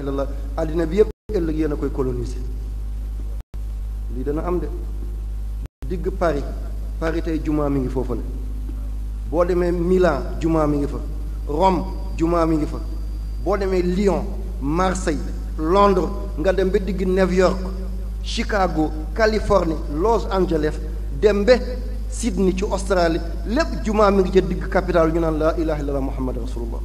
illallah àddina bi yëpp ëllëg koy coloniser lii dana am de digg Paris Paris tey jumaa mi ngi foofa la boo demee Milan jumaa mi ngi fa Rome jumaa mi ngi fa boo demee Lyon Marseille Londres nga dem ba digg New York Chicago Californie Los Angeles dem ba Sydney ci Australie lépp jumaa mi ngi ca digg capital ñu naan laa ilaha illallah muhammad rasulullah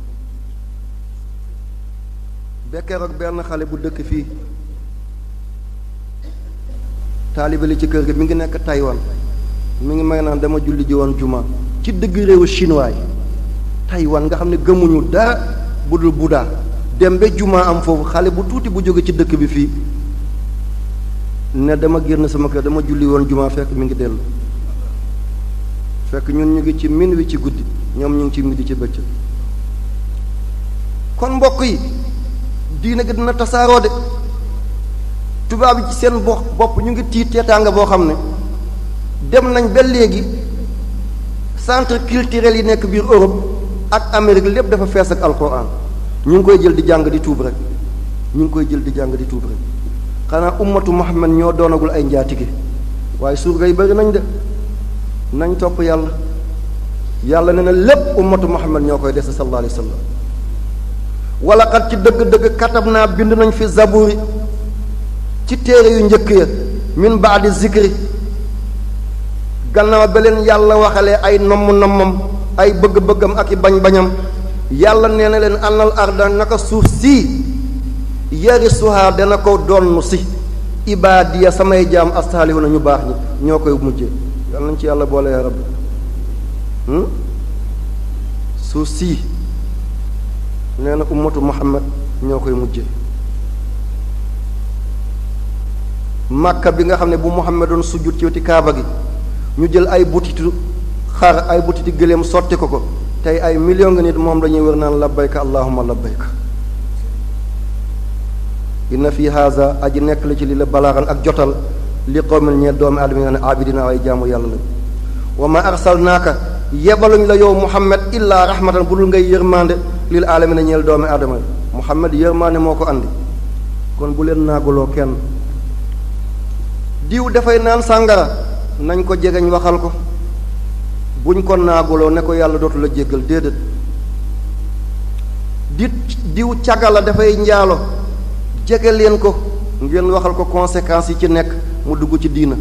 bekkeroog benn xale bu dëkk fii taalibe li ci kër gi mi ngi nekk Taïwan mu ngi may naan dama julli ji woon jumaa ci dëgg réewu chinois yi nga xam ne gëmuñu dara bu dul Bouddha dem ba jumaa am foofu xale bu tuuti bu jóge ci dëkk bi fii ne dama génn sama kër dama julli woon juma fekk mu ngi dellu fekk ñun ñu ngi ci min wi ci guddi ñoom ñu ngi ci midi ci bëccëg kon mbokk yi diina gi dina tasaaroo de tubaab yi ci seen bo bopp ñu ngi tiit teetaanga boo xam ne dem nañ ba léegi centre culturel yi nekk biir Europe ak Amérique lépp dafa fees ak alquran ñu ngi koy jël di jàng di tuub rek ñu ngi koy jël di jàng di tuub rek xanaa ummatu Muhammad ñoo doonagul ay njaatige waaye surga yi bari nañ de nañ topp yàlla yàlla ne na lépp ummatu Muhammad ñoo koy dese sallallahu alayhi wa wala xat ci dëgg-dëgg katab naa bind nañ fi zaburi ci téere yu njëkk ya min baadi zikri gannaaw ba leen yàlla waxale ay nomm nommam ay bëgg-bëggam ak i bañ-bañam yàlla nee na leen ànnal arda naka suuf sii yarisuha dana ko donn si ibaadiya samay jaam astaalihu na baax ñi ñoo koy mujjee yàlla nañ ci yàlla boole yaram rabbi hmm? suuf sii nee na ummatu muhammad ñoo koy mujje màkka bi nga xam ne bu muhammad doon sujjut ci weti kaaba gi ñu jël ay butitu xar ay butiti gëléem sotti ko ko tey ay million nga nit moom lañuy wër naan labbayka allahuma labbayka inna fi haza aji nekk la ci lii la balaaran ak jotal li qawmin ñee doomi aadama yi ne abidina ay jaamu yàlla la wa ma arsalnaaka yebaluñ la yow muhammad illaa rahmatan bu dul ngay yërmande lil aalamiina ñeel doomi adama yi Muhammad yërmaane moo ko andi kon bu leen naaguloo kenn diw dafay naan sàngara nañ ko jegeñ waxal ko buñ ko naaguloo ne ko yàlla dootul a jéggal déedéet dit diw cagala dafay njaalo jege leen ko ngeen waxal ko conséquences yi ci nekk mu dugg ci diina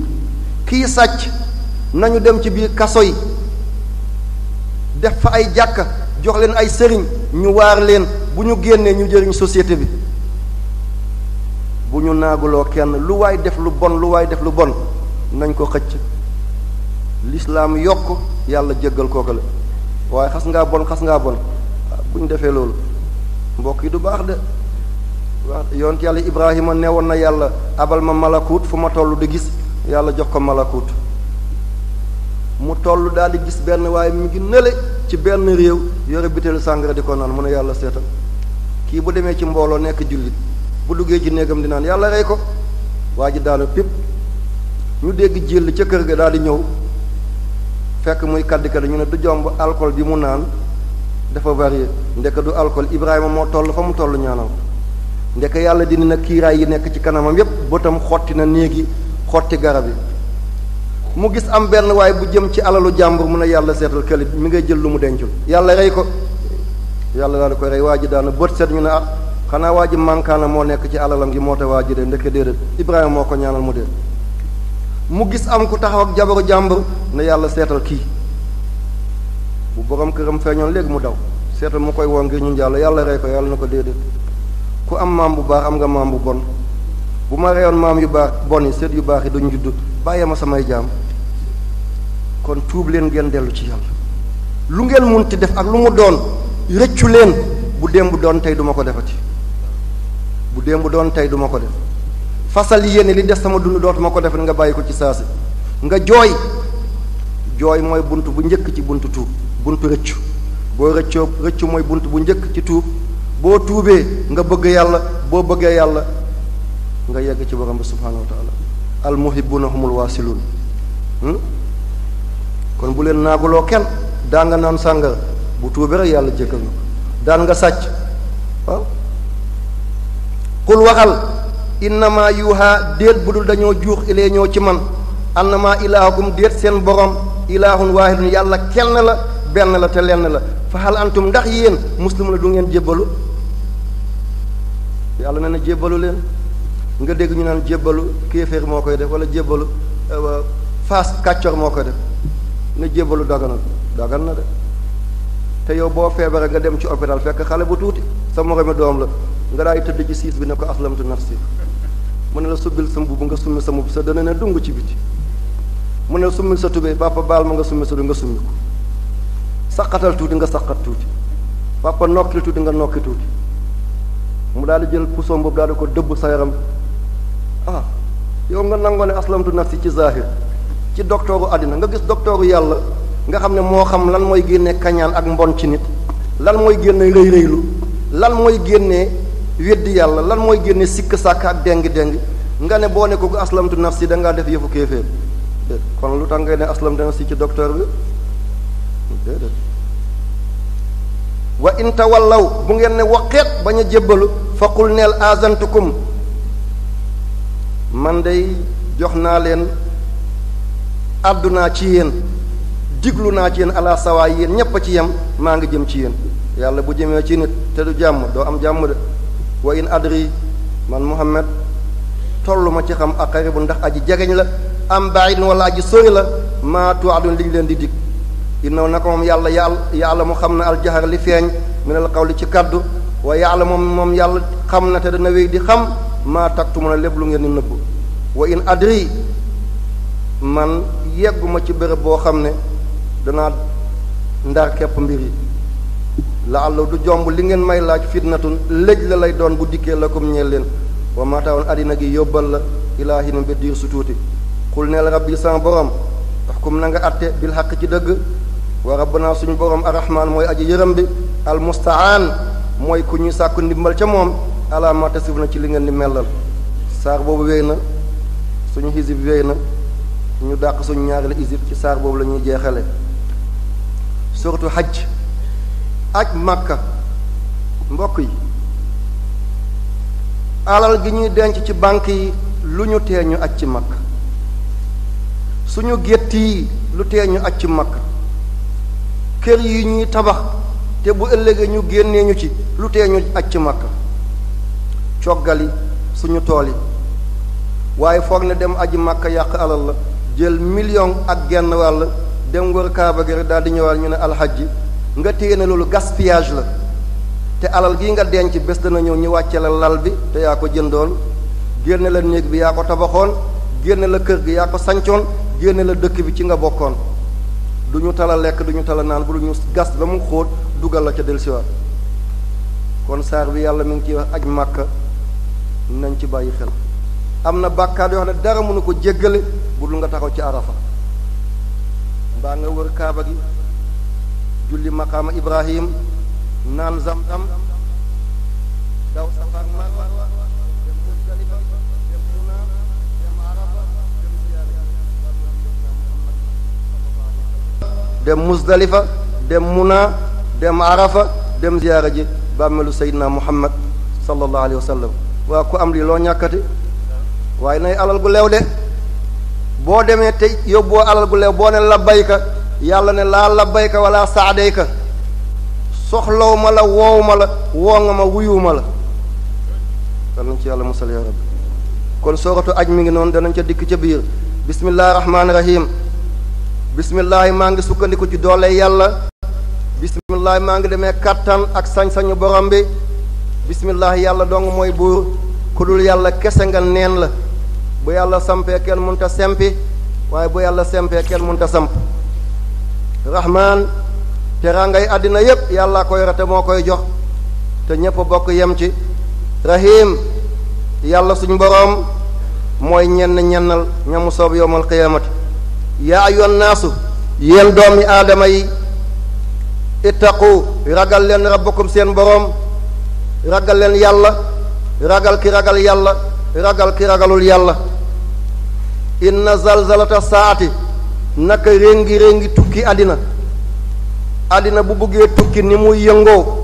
kii sàcc nañu dem ci biir kaso yi def fa ay jàkka jox leen ay sëriñ ñu waar leen bu ñu génnee ñu jëriñ société bi bu ñu naaguloo kenn lu waay def lu bon lu waay def lu bon nañ ko xëcc lislaam yokk yàlla jéggal kooku la waaye xas ngaa bon xas ngaa bon bu ñu defee loolu mbokk yi du baax de waa yonent yàlla ibrahima newoon na yàlla abal ma malakut fu ma tollu di gis yàlla jox ko malakut mu toll daal di gis benn waaye mu ngi nële ci benn réew yore butéelu sàngara di ko naan mu ne yàlla seetal kii bu demee ci mbooloo nekk jullit bu duggee ci néegam di naan yàlla rey ko waa ji daanu pip ñu dégg jël ca kër ga daal di ñëw fekk muy kaddi kaddi ñu ne du jomb alcool bi mu naan dafa varié ndekk du alcool Ibrahima moo toll fa mu toll ñaanal ndekk yàlla dindi na kiiraay yi nekk ci kanamam yépp bëtam xotti na néegi xotti garab yi mu gis am benn waaye bu jëm ci alalu jàmbur mu ne yàlla seetal kële mi ngay jël lu mu dencul yàlla rey ko yàlla daal ko koy rey waa ji daana bët seet ñu ne ah xanaa waa ji mankaana moo nekk ci alalam gi moo te waa ji de ndeke déedéet Ibrahima moo ko ñaanal mu dee mu gis am ku taxaw ak jabaru jàmbur na yàlla seetal kii bu borom këram feeñoon léegi mu daw seetal mu koy woo ngir ñu jàll yàlla rey ko yàlla na ko déedéet ku am maam bu baax am nga maam bu bon ma reyoon maam yu baax seet yu baax yi bàyyee ma samay jaam kon tuub leen ngeen dellu ci yàlla lu ngeen munti def ak lu mu doon rëccu leen bu démb doon tey duma ko defati bu démb doon tey duma ko def fasal yéene li des sama dund dootuma ko defati nga bàyyi ko ci saasi nga jooy jooy mooy bunt bu njëkk ci bunt tuub bunt rëccu boo rëccoo rëccu mooy bunt bu njëkk ci tuub boo tuubee nga bëgg yàlla boo bëggee yàlla nga yegg ci borom bi subhaanahu almuhibuuna humul waasiluun hmm? kon bu leen naaguloo kenn daa nga naan sàngara bu tuubee yàlla jëkkal na ko daan nga sàcc waaw xul waxal innama yuuhaa déet bu dul dañoo juux ilee ñoo ci man annama ilaahukum déet seen borom ilaahun waahidun yàlla kenn la benn la te lenn la fa antum ndax yéen muslim la du ngeen jébbalu yàlla ne na jébbalu leen nga dégg ñu naan jébbalu kéeféer moo koy def wala jébbalu euh, faas kàccor moo koy def ne jébbalu daganal dagan na de te yow boo feebaree nga dem ci hôpital fekk xale bu tuuti sa moromi doom la nga daay tëdd ci siis bi ne ko aslamtu nafsi mu ne la subbil sa mbubb nga summi sa mbubb sa dana ne dung ci biti mu ne la summil sa tubéy papa baal ma nga summi sa du nga summi ko saqatal tuuti nga saqat tuuti papa nokkil tuuti nga nokki tuuti mu daal di jël pusoom boobu daal ko dëbb sa yaram ah yow nga nangoo ne aslamtu nafsi ci zahir ci doktooru àddina nga gis doktooru yàlla nga xam ne moo xam lan mooy génne kañaan ak mbon ci nit lan mooy génne rëy rëylu lan mooy génne weddi yàlla lan mooy génne sikk sàkk ak déng-déng nga ne boo ne ko aslamtu nafsi da ngaa def yëfu kéeféer kon lu tax ngay ne aslamtu nafsi ci docteur bi déedéet wa in bu ngeen ne waqeet bañ a jébbalu faqul neel azantukum man day jox naa leen àddu naa ci yéen diglu naa ci yéen ala sawaay ñépp a ci yem maa ngi jëm ci yéen yàlla bu jëmee ci nit te du jàmm doo am jàmm de wa in adri man muhammad tollu ma ci xam aqaribu ndax aji jegeñ la am baidin wala aji sori la maa tuadun li ñu leen di dig innaw naka moom yàlla yàlla yàlla mu xam na aljahar li feeñ minal qawli ci kàddu wa yàlla moom moom yàlla xam na te dana wéy di xam maa taktu mën na lépp lu ngeen di nëbb wa in adri man yegguma ci bërëb boo xam ne danaa ndar kepp mbir yi la àlla du jomb li ngeen may laaj fitnatu léj la lay doon bu dikkee la kom ñeel leen wa maataawoon àddina gi yóbbal la ilaahin ba diir su tuuti xul neel rabbi sama borom taxkum na nga atte bil xaq ci dëgg wa rabbana suñu borom arrahmaan mooy aji yërëm bi almustaan mooy ku ñuy sàkk ndimbal ca moom alaama tasif na ci li ngeen di mellal saar boobu wéy na suñu xisib wéy na ñu dàq suñu la xisib ci saar boobu la ñuy jeexale surtout xaj aj màkka mbokk yi alal gi ñuy denc ci banque yi lu ñu tee ñu aj ci màkka suñu gétt yi lu tee ñu aj ci màkka kër yi ñuy tabax te bu ëllëgee ñu génnee ñu ci lu tee ñu aj ci màkka yi suñu tool yi waaye foog ne dem aji màkk yàq alal la jël million ak genn wàll dem wër kaaba gi rek daal di ñëwaat ñu ne alxajji nga téye ne loolu gaspillage la te alal gii nga denc bés dana ñëw ñu wàcce la lal bi te yaa ko jëndoon génne la néeg bi yaa ko tabaxoon génne la kër gi yaa ko sancoon génne la dëkk bi ci nga bokkoon duñu ñu tala lekk duñu ñu tala naan bu du gas ba mu xóot dugal la ca dellusiwaat kon saar bi yàlla mi ngi ciy wax aj màkk nañ ci bàyyi xel am na bàkkaar yoo dara mënu ko jéggale bu dul nga taxaw ci arafa mbaa nga wër kaaba gi julli maqaama ibrahim naan zam-zam daw dem musdalifa dem muna dem arafa dem ziyaara ji bàmmeelu seydina muhammad sallallahu alayhi wa sallam waa ku am lii loo ñàkkati waaye nay alal gu leew de boo demee te yóbboo alal gu leew boo ne labbayka yàlla ne laa labbayka wala saadayka soxlaw ma la woow la woo nga ma wuyu la yal nañ ci yàlla musal ya rabbi kon sooratu aj mi ngi noonu danañ ca dikk ca biir bismillahi rahmaani rahim bismillahi maa ngi sukkandiku ci doole yàlla bismillahi maa ngi demee kàttan ak sañ-sañu borom bi bisimilah yàlla dong mooy buur ku dul yàlla kese nga neen la bu yàlla sampee kenn munta sempi waaye bu yàlla sempee kenn mënta samp rahmaan teraangay àddina yépp yàlla koy rate moo koy jox te ñépp bokk yem ci rahim yàlla suñ boroom mooy ñenn ñennal ñamu soob yowmal qiyamati yaa ayoon naasu doomi aadama yi ittaqu ragal leen rabbakum seen boroom ragal leen yàlla ragal ki ragal yàlla ragal ki ragalul yàlla inna zalzalata saati naka réngi réngi tukki àddina àddina bu buggee tukki ni muy yëngoo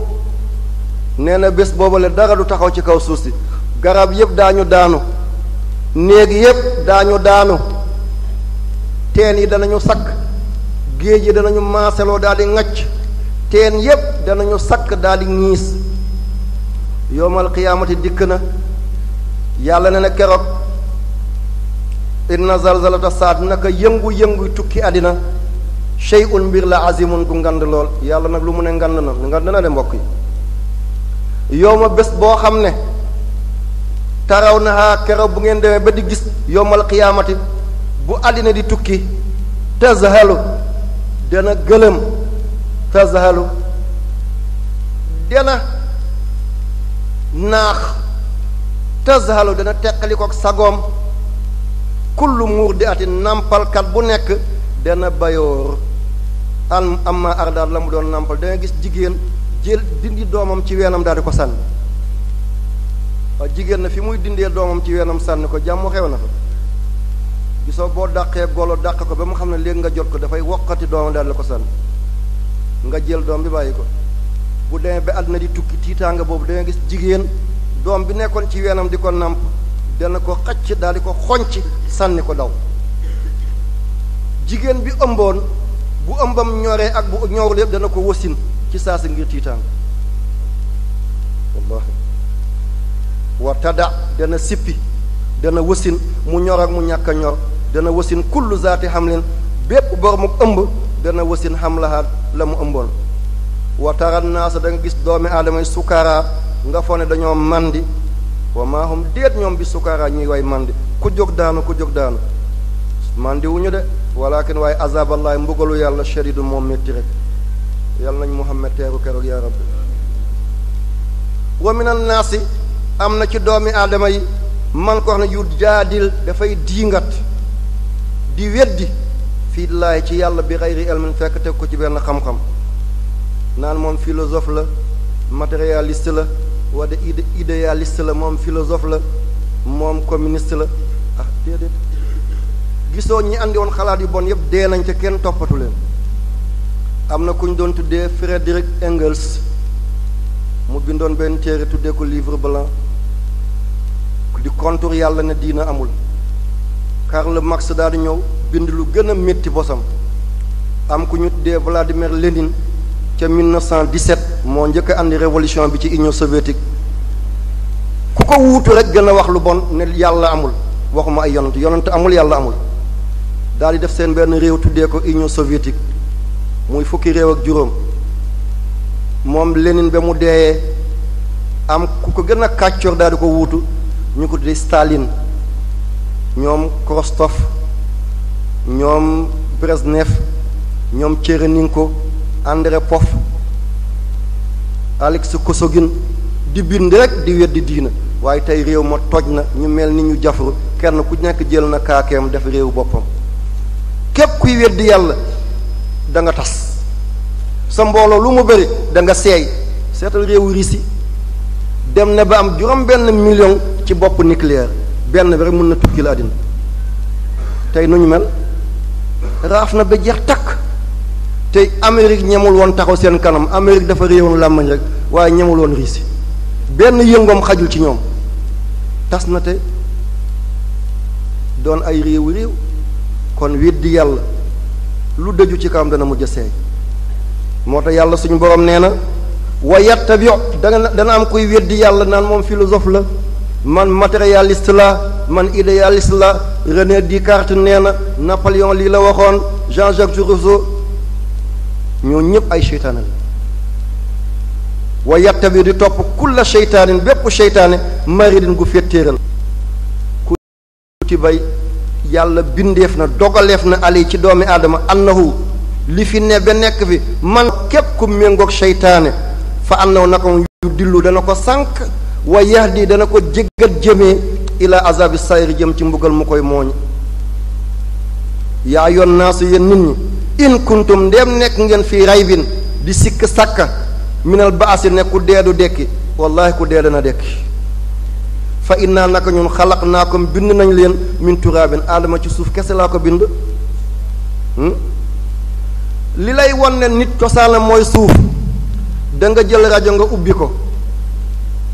nee na bés boobale dara du taxaw ci kaw suuf si garab yépp daañu daanu néeg yépp daañu daanu teen yi danañu sakk géej yi danañu maaseloo daal di ŋacc teen yépp danañu sakk daldi di yowmal qiyaamati dikk na yàlla ne na keroog inna zalzalata saat naka yëngu-yëngu tukki àddina shay'un mbir la azimun gu ngand lool yàlla nag lu mu ne ngand na ngand na de mbokk yi yow bés boo xam ne taraw na keroog bu ngeen demee ba di gis yowmal qiyaamati bu àddina di tukki tazhalu dana gëlëm tazhalu dana naax tazhalu dana teqalikook sagoom kullu muur di ati nàmpalkat bu nekk dana am am amma ardaat la mu doon nàmpal danga gis jigéen jël dindi doomam ci weenam daal ko sànni waaw jigéen na fi muy dindee doomam ci weenam sànni ko jàmm xew na fa gisoo boo dàqee golo dàq ko ba mu xam ne léegi nga jot ko dafay woqati doomam daal ko sànni nga jël doom bi bàyyi ko bu demee ba àdduna di tukki tiitaanga boobu danga gis jigéen doom bi nekkoon ci weenam di ko nàmp dana ko xacc daal di ko xonc sànni ko daw jigéen bi ëmboon bu ëmbam ñoree ak bu ñorul dana ko wasin ci saa si ngir tiitaanga wallahi dana sippi dana wasin mu ñor ak mu ñàkk a ñor dana wasin kullu xam xamlin bépp bor mu ëmb dana wasin xamlaha la mu ëmboon wa taran naasa da nga gis doomi aadama yi sukaaraa nga fone dañoo mandi wa maahum déet ñoom bi sukaaraa ñuy way mandi ku jóg daanu ku jóg daanu mandi wuñu de walakin waaye azaballaay mbugalu yàlla shadidu moom métti rek yàlla nañ muhammad teeru keroog yaa rabbi wa minan naasi am na ci doomi aadama yi man ko wax ne yu jaadil dafay diingat di weddi fii laay ci yàlla bi xayri elmin fekk teg ko ci benn xam-xam naan moom philosophe la matérialiste la wala idéaliste la moom philosophe la moom communiste la ah déedéet gisoo ñi andi woon xalaat yu bon yëpp dee nañ ca kenn toppatu leen am na ku ñu doon tuddee Frédéric Engels mu bindoon benn téere tuddee ko livre blanc di contour yàlla ne diina amul Karl Marx daal di ñëw bind lu gën a métti bosam am ku ñu tuddee Vladimir Lénine ca 1917 moo njëkk a révolution bi ci union soviétique ku ko wuutu rek gën a wax lu bon ne yàlla amul waxuma ay yonent yonent amul yàlla amul daal di def seen benn réew tuddee ko union soviétique muy fukki réew ak juróom moom Lénine ba mu deeyee am ku ko gën a kàccoor daal di ko wuutu ñu ko tuddee Staline ñoom Khrouchtchev ñoom Brezhnev ñoom Tchernenko André Pof Alex Kosogin di bind rek di wedd diina waaye tey réew ma toj na ñu mel ni ñu jafru kenn ku nekk jël na kaakeem def réew boppam képp kuy weddi yàlla danga tas sa mbooloo lu mu bëri da nga seey seetal réewu Russie dem na ba am juróom benn million ci bopp nucléaire benn bi rek mën na tukki la àddina tey nu ñu mel raaf na ba jeex takk te Amérique ñemul woon taxaw seen kanam Amérique dafa réewoon làmmañ rek waaye ñemul woon Russie benn yëngoom xajul ci ñoom tas na te doon ay réewu réew kon weddi yàlla lu dëju ci kawam dana mujj seey moo tax yàlla suñu borom nee na wa yattabi dana dana am kuy weddi yàlla naan moom philosophe la man matérialiste la man idéaliste la René Descartes nee na Napoléon lii la waxoon Jean-Jacques Rousseau ñoo ñëpp ay seytaane la wa yattabi di topp kulla seytaanin bépp seytaane maridin gu fettéeral ku ti yàlla bindeef na dogaleef na ali ci doomi aadama annahu li fi ne ba nekk fi man képp ku méngoog seytaane fa annahu naka yu dillu dana ko sànq wa yahdi dana ko jéggat jëme ila azabi sayri jëm ci mbugal mu koy mooñ yaa yoon naa su yéen nit ñi in kuntum ndéem nekk ngeen fii raybin di sikk sàkka minal baasi ne ku deedu du dekki wallaahi ku dee dana dekki fa innaa naka ñun xalaq naa ko bind nañ leen min turaabin aadama ci suuf kese laa ko bind hmm? li lay won ne nit cosaana mooy suuf da nga jël rajo nga ubbi ko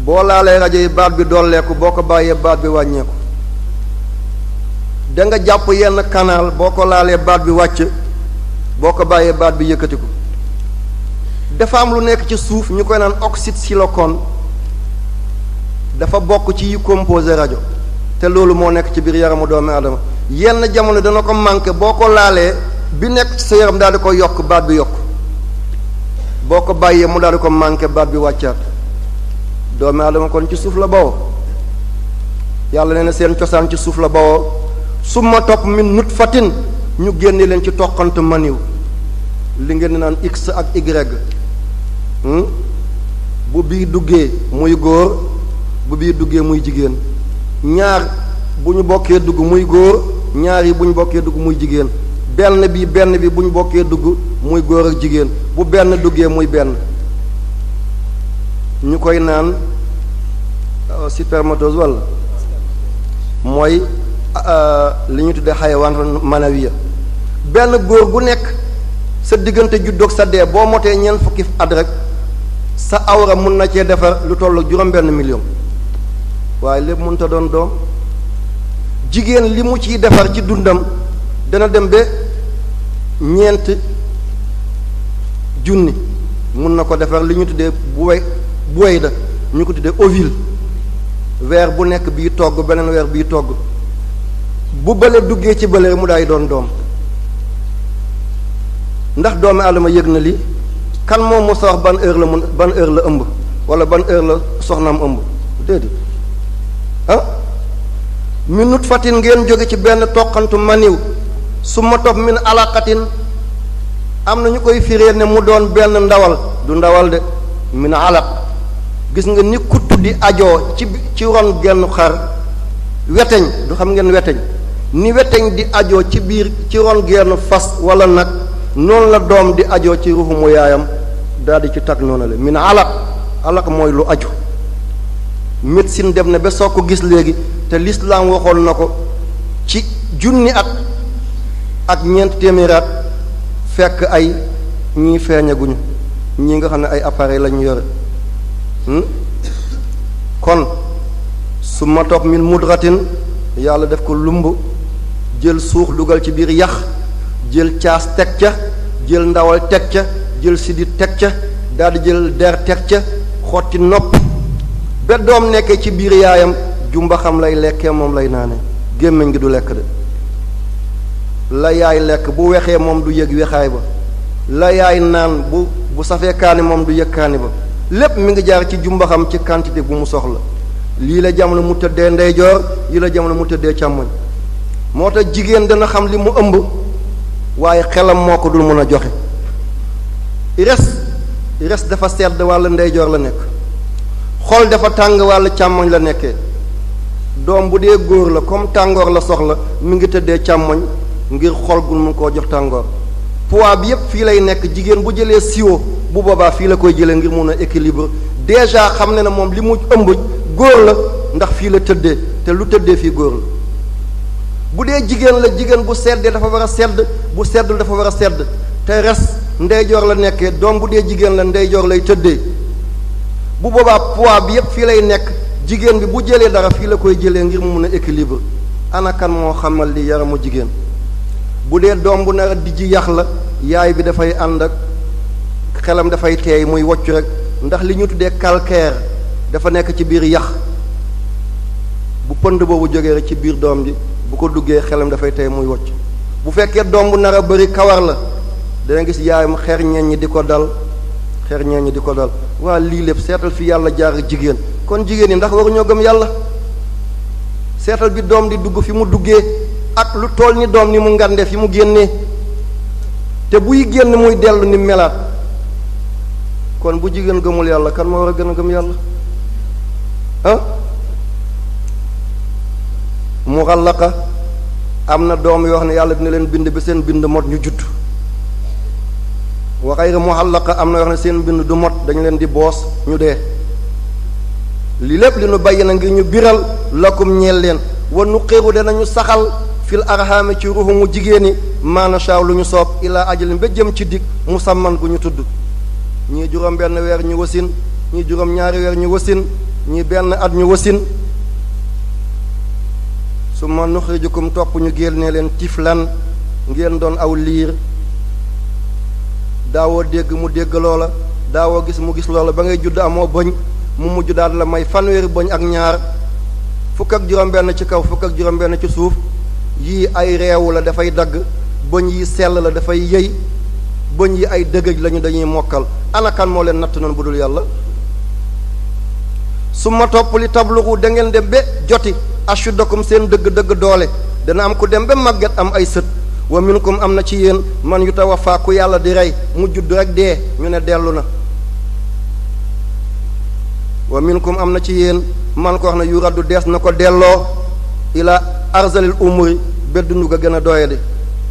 boo laalee rajo yi baat bi dolleeku boo ko bàyyee baat bi wàññeeku da nga jàpp yenn kanaal boo ko laalee baat bi wàcc boo ko bàyyee baat bi yëkkatiku dafa am lu nekk ci suuf ñu koy naan oxyde silicone dafa bokk ci yi composé rajo te loolu moo nekk ci biir yaramu doomu aadama yenn jamono dana ko manqué boo ko laalee bi nekk ci sa yaram daal di ko yokk baat bi yokk boo ko bàyyee mu daal di ko manqué baat bi wàccaat doomu aadama kon ci suuf la bawoo yàlla nee na seen cosaan ci suuf la bawoo ma topp min fatin ñu génne leen ci toqant maniw li ngeen naan x ak y hmm? bu bii duggee muy góor bu bii duggee muy jigéen ñaar bu ñu bokkee dugg muy góor ñaar yi bu ñu bokkee dugg muy jigéen benn bi benn bi bu ñu bokkee dugg muy góor ak jigéen bu benn duggee muy benn ñu koy naan euh, spermatose walla mooy euh, li ñu tuddee xayawaan manawiya benn góor gu nekk sa diggante juddoog sa dee boo motee ñeent fukki at rek sa awra mun na cee defar lu toll juróom-benn million waaye lépp mënut a doon doom jigéen li mu ciy defar ci dundam dana dem ba ñeent junni mun na ko defar li ñu tuddee buway buway da ñu ko tuddee ovule weer bu nekk bii togg beneen weer bii togg bu bële duggee ci bële mu daay doon doom ndax doomi aadama yëg na li kan moom mos a wax ban heure la mun ban heure la ëmb wala ban heure la soxnaam ëmb déedéet ah minute fatin ngeen jóge ci benn toqantu maniw su ma topp min alaqatin am na ñu koy firee ne mu doon benn ndawal du ndawal de min alaq gis nga ni ku tuddi ajoo ci ci ron genn xar weteñ du xam ngeen weteñ ni weteñ di ajoo ci biir ci ron genn fas wala nag noonu la doom di ajoo ci ruuxu mu yaayam daal di ci tag noonu la min alaq alaq mooy lu aju médecine dem na ba soo ko gis léegi te lislaam waxoon na ko ci junni at ak ñeent téeméeraat fekk ay ñii feeñaguñu ñi nga xam ne ay appareil lañu yore hmm? kon su ma toog min mudratin yàlla def ko lumb jël suux dugal ci biir yax jël caas teg ca jël ndawal teg ca jël sidit teg ca daal di jël der teg ca xotti nopp ba doom nekkee ci biir yaayam jumba xam lay lekkee moom lay naane gémmiñ gi du lekk de la yaay lekk bu wexee moom du yëg wexaay ba la yaay naan bu bu safee kaani moom du yëg kaani ba lépp mi ngi jaar ci jumbaxam ci quantité bu mu soxla lii la jamono mu tëddee ndeyjoor lii la jamono mu tëddee càmmoñ moo tax jigéen dana xam li mu ëmb waaye xelam moo ko dul mën a joxe res res dafa sedd wàll ndeyjoor la nekk xol dafa tàng wàll càmmoñ la nekke doom bu dee góor la comme tàngoor la soxla mu ngi tëddee càmmoñ ngir xol gu mu koo jox tàngoor poids bi yépp fii lay nekk jigéen bu jëlee siwo bu boobaa fii la koy jëlee ngir mun a équilibre déjà xam ne na moom li mu ëmb góor la ndax fii la tëdde te lu tëddee fii góor la bu dee jigéen la jigéen bu seddee dafa war a sedd bu seddul dafa war a sedd te res ndeyjoor la nekkee doom bu dee jigéen la ndeyjoor lay tëddee bu boobaa poids bi yépp fii lay nekk jigéen bi bu jëlee dara fii la koy jëlee ngir mu mun a équilibre anakan moo xamal li yaramu jigéen bu dee doom bu nar a dijji yax la yaay bi dafay ànd ak xelam dafay teey muy wocc rek ndax li ñu tuddee calcaire dafa nekk ci biir yax bu pënd boobu jógee rek ci biir doom ji bu ko duggee xelam dafay tey muy wocc bu fekkee doom bu nar a bari kawar la dana gis yaayam xer ñeen ñi di ko dal xer ñeen ñi di ko dal waa lii lépp seetal fi yàlla jaar jigéen kon jigéen ñi ndax waruñoo gëm yàlla seetal bi doom di dugg fi mu duggee ak lu tool ni doom ni mu ngandee fi mu génnee te buy génn muy dellu ni melaat kon bu jigéen gëmul yàlla kan moo war a gën a gëm yàlla ah muxallaqa am na doom yoo xam ne yàlla dina leen bind ba seen bind mot ñu judd wa xayri muxallaqa am na yoo xam ne seen bind du mot dañu leen di boos ñu dee li lépp li nu bàyyi na ngir ñu biral lakum ñeel leen wa nu xéru danañu saxal fil arhaami ci ruuxu mu jigéen ñi maanaam lu ñu soob ilaa ajalin ba jëm ci dig musamman gu ñu tudd ñii juróom benn weer ñu wasin ñii juróom ñaari weer ñu wasin ñii benn at ñu wasin su ma nuxrijukum topp ñu génne leen tiflan ngeen doon aw liir daawoo dégg mu dégg loola daawoo gis mu gis loola ba ngay judd amoo bëñ mu mujj daal la may fanweeri bëñ ak ñaar fukk ak juróom-benn ci kaw fukk ak juróom-benn ci suuf yii ay reewu la dafay dagg bëñ yi sell la dafay yëy bëñ yi ay dëgëj lañu dañuy mokkal anakan moo leen natt noonu bu dul yàlla su ma topp li tabluxu dangeen dem ba joti ashuddakum seen dëgg-dëgg doole dana am ku dem ba màgget am ay sët wa minkum am na ci yéen man yu tawafaa ku yàlla di rey mu judd rek ñu ne dellu na wa am na ci yéen man ko wax ne yu raddu dees na ko delloo ila arzalil umuri ba bedd ga gën a doyadi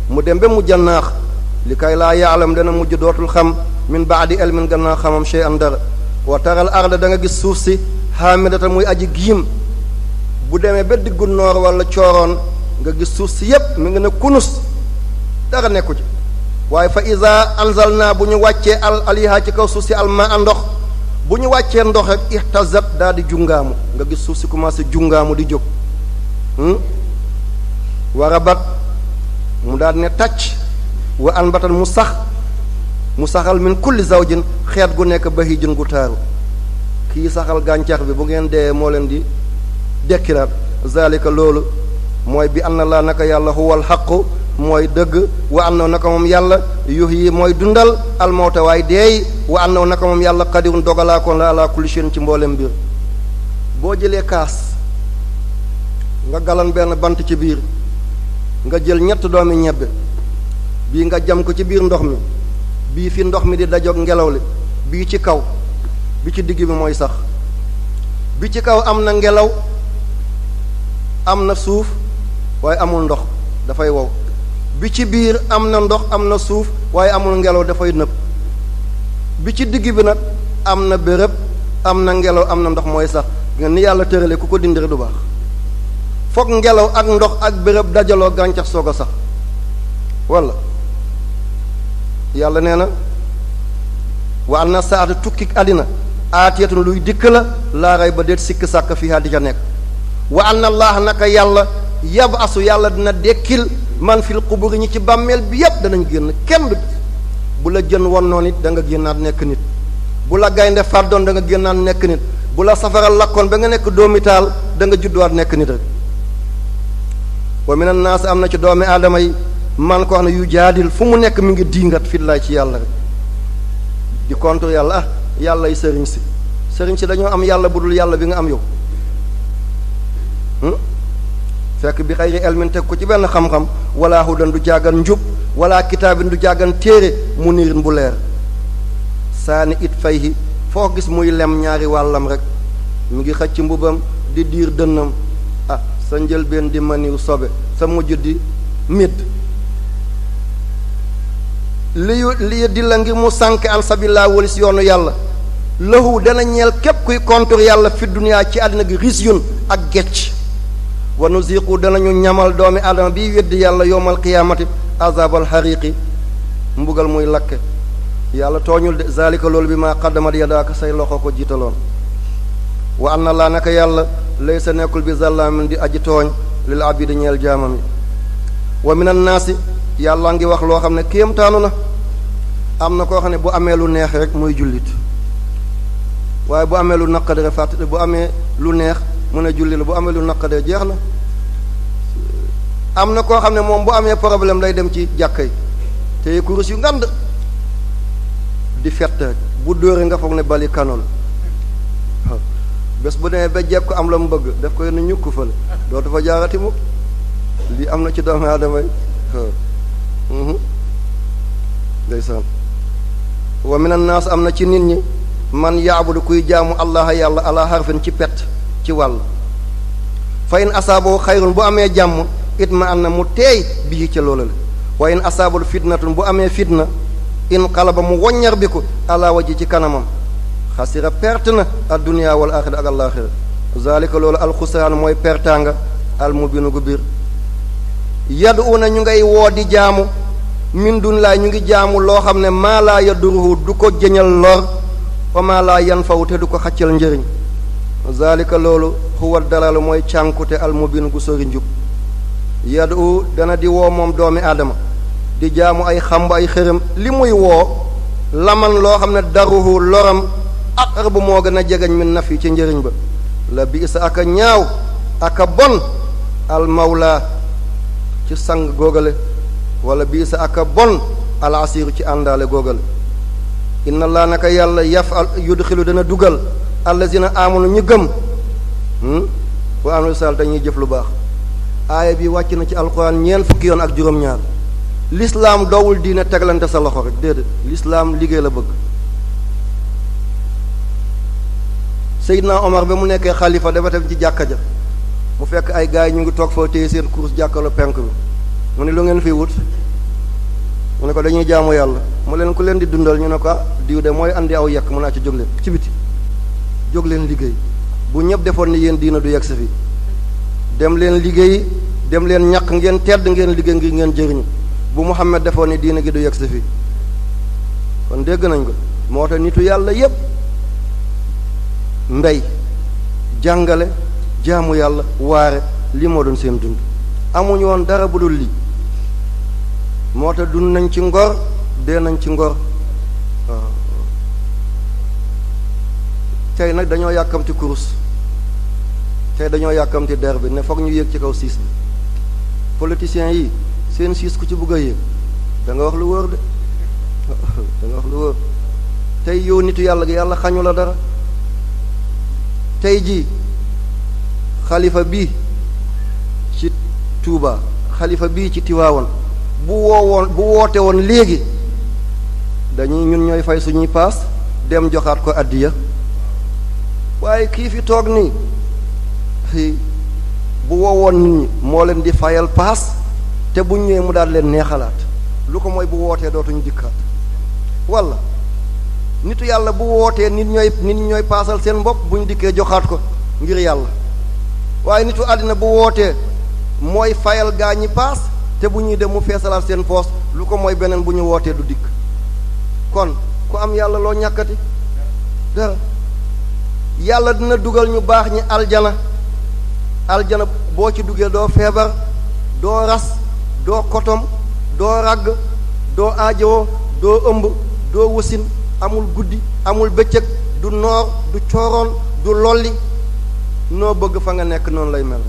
mu dem ba mu jannaax li kay laa yaalam dana mujj dootul xam min baadi elmin gannaaw xamam chey an dara wa taral arda da nga gis suuf si xaamidatan muy aji giim bu demee ba diggu noor walla cooroon nga gis suuf si yépp mu ngi ne kunus dara nekku ci waaye fa iza anzalna bu ñu wàccee al aliha ci kaw suuf si al ma ndox bu ñu wàccee ndox ak ihtazat daal di jungaamu nga gis suuf si commencé jungaamu di jóg hmm? wa mu daal ne tàcc wa anbatan mu sax mu saxal min kulli zawjin xeet gu nekk bahijin gu taaru yi saxal gàncax bi bu ngeen dee moo leen di dekkilaat zalika loolu mooy bi na laa naka yàlla huwal xaqu mooy dëgg wa annaw naka moom yàlla yuhyi mooy dundal almawta waay deey wa annaw naka moom yàlla qadirun dogalaakoon la ala kulli ci mboolem mbir boo jëlee kaas nga galan benn bant ci biir nga jël ñett doomi ñebbe bii nga jam ko ci biir ndox mi bii fi ndox mi di dajoog ngelaw li bii ci kaw bi ci digg bi mooy sax bi ci kaw am na ngelaw am na suuf waaye amul ndox dafay wow bi ci biir am na ndox am na suuf waaye amul ngelaw dafay nëb bi ci digg bi nag am na bërëb am na ngelaw am na ndox mooy sax nga ni yàlla tërale ku ko dindi rek du baax foog ngelaw ak ndox ak béréb dajaloo gàncax soog a sax walla yàlla nee na wa na saata tukkik àddina aatiyatun luy dikk la laa rey ba déet sikk sàkk fiha di ca nekk wa anna allah naka yàlla yabasu yàlla dina dekkil man fil quburi ñi ci bàmmeel bi yépp danañ génn kenn bu la jën won noon it danga nga génnaat nekk nit bu la gaynde fàddoon da nga génnaat nekk nit bu la safara lakkoon ba nga nekk doomitaal da nga judduwaat nekk nit rek wa mina naas am na ci doomi aadama yi man ko wax ne yu jaadil fu mu nekk mi ngi diingat lay ci yàlla rek di contre ah, yàllay sëriñ si sëriñ si dañoo am yàlla bu dul yàlla bi nga am yow hmm? fekk bi xayri elmin ko ci benn xam-xam wala hudan du jàggan njub wala kitaabin du jàggan téere mu nirin bu leer saani it fayhi foo gis muy lem ñaari wàllam rek mu ngi xëcc mbubam di diir dënnam ah sa njëlbeen di maniw sobe sa mujj di midd liyu li di ngir mu sànk an sabillah walis yoonu yàlla lahu dana ñeel képp kuy contre yàlla fi duniyaa ci àddina gi risyun ak gecc wa nuziqu danañu ñamal doomi aadama biy weddi yàlla yowmal qiyaamati azabal xariqi mbugal muy lakk yàlla tooñul de zalika loolu bi maa qaddamat yadaaka say loxo ko jiitaloon wa anna laa naka yàlla lay sa nekkul bi zàllaamin di aji tooñ lil abidi ñeel jaamam yi wa min yàlla ngi wax loo xam ne kéemtaanu na am na koo xam ne bu amee lu neex rek muy jullit waaye bu amee lu naqadare fàttali bu amee lu neex mu ne julli la bu amee lu naqadare jeex na am na koo xam ne moom bu amee problème lay dem ci jàkka yi te kurus yu ngand di fett bu dóore nga foog ne bali kanoon bés bu demee ba jekk am la mu bëgg def ko na ñukk fële dootu fa jaarati mu lii am na ci doomu aadama yi mhm. ndeysaan wa minan naas am na ci nit ñi man yaabudu kuy jaamu allah yàlla ala harfin ci pet ci wàll fa in asaaboo xayrun bu amee jàmm it ma an na mu teey bii ca loola la wa in asaabul fitnatun bu amee fitna in xalaba mu woññar bi ko ala waji ci kanamam xasira perte na adduniyaa wal axira ak alaxira zalika loolu alxusraan mooy pertaanga almubinu gu biir yadu una ñu ngay woo di jaamu min dun ñu ngi jaamu loo xam ne maa laa yaduruhu du ko jëñal lor fama laa yan faw te du ko xaccal njëriñ zalika loolu xuwa dalalu mooy cànkute almubin gu sori njub yadu dana di woo moom doomi aadama di jaamu ay xamb ay xërëm li muy woo laman loo xam ne daruhu loram aqar bu moo gën a jegeñ min naf yi ci njëriñ ba la biisa aka ñaaw aka bon almawla ci sang góogale wala biisa aka bon alasiru ci àndaale góogale inna allah naka yàlla yaf al yudxilu dana dugal allazina amanu ñu gëm hmm? wa amanu sal dañuy jëf lu baax aaya bi wàcc na ci alquran ñeent fukki yoon ak juróom-ñaar lislaam dowul diine teglante sa loxo rek déedéet lislaam liggéey la bëgg Seydina Omar ba mu nekkee xalifa dafa dem ci jàkka ja mu fekk ay gars ñu ngi toog foo téye seen course jàkkaarloo penk bi mu ne lu ngeen fi wut mu ne ko dañuy jaamu yàlla mu leen ku leen di dundal ñu ne ko ah, diw de mooy andi aw yekk mun naa ci jóg ci biti jóg leen liggéey bu ñëpp defoon ni yéen diina du yegg sa fi dem leen liggéey dem leen ñàkk ngeen tedd ngeen liggéey ngi ngeen jëriñu bu Muhammad defoon ni diina gi du yegg sa fi kon dégg nañ ko moo tax nitu yàlla yépp mbey jàngale jaamu yàlla waare lii moo doon seen dund amuñu woon dara bu dul lii moo tax dund nañ ci ngor dee nañ ci ngor waaw tey nag dañoo yàkkamti kurus tey dañoo yàkkamti der bi ne foog ñu yéeg ci kaw siis bi politiciens yi seen siis ku ci bugg a yéeg da wax lu wóor de da wax lu wóor tey yow nit yàlla gi yàlla xañu la dara tey ji xalifa bi ci Tuuba xalifa bii ci Tiwaawan bu woowoon bu woote woon léegi dañuy ñun ñooy fay suñuy paas dem joxaat ko addiya waaye kii fi toog nii fii bu wowoon nit ñi moo leen di fayal paas te bu ñëwee mu daal leen neexalaat lu ko mooy bu wootee dootuñu dikkaat walla nitu yàlla bu wootee nit ñooy nit ñooy paasal seen bopp bu ñu dikkee joxaat ko ngir yàlla waaye nitu àddina bu wootee mooy fayal gaa ñi paas te bu ñuy dem mu feesalaat seen poos lu ko mooy beneen bu ñu wootee du dikk kon ku am yàlla loo ñàkkati dara yàlla dina dugal ñu baax ñi aljana aljana boo ci duggee doo feebar doo ras doo kotom doo ràgg doo aajowoo doo ëmb doo wasin amul guddi amul bëccëg du noor du cooroon du lolli noo bëgg fa nga nekk noonu lay mel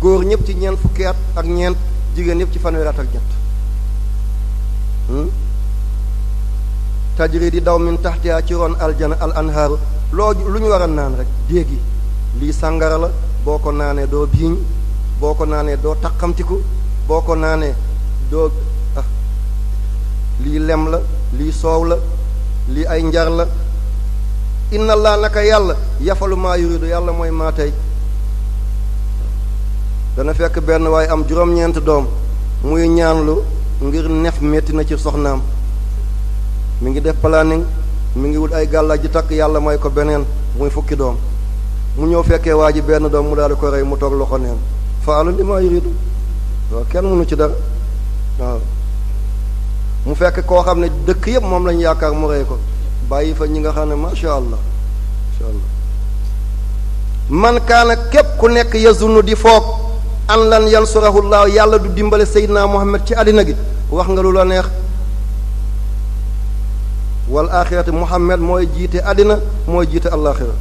góor ñépp ci ñeent fukki at ak ñeent jigéen ñëpp ci fanweeri ak ñett hmm? tajri di daw min taxtiyaa ci ron aljana al anhaaru loo a naan lii sàngara la boo ko doo biiñ boo ko naanee doo taqamtiku boo ko naanee ah. lem la lii soow la lii ay njar la inna laa naka yàlla yafalu maa yàlla mooy maa tey fekk benn waaye am juróom-ñeent doom muy ñaanlu ngir nef metti na ci soxnaam mi ngi def planning mi ngi wut ay gàllaaj ji takk yàlla may ko beneen muy fukki doom mu ñëw fekkee waa ji benn doom mu daal di ko rey mu toog loxo neen faalu li maa yuridu waaw kenn mënu ci dara waaw mu fekk koo xam ne dëkk yëpp moom lañu yaakaar mu rey ko bàyyi fa ñi nga xam ne macha allah macha man kaana képp ku nekk yazunu di foog an lan yansurahu llaahu yàlla du dimbale seydina muhammad ci àddina gi wax nga lu la neex wal axirati muhammad mooy jiite àddina mooy jiite àllaaxira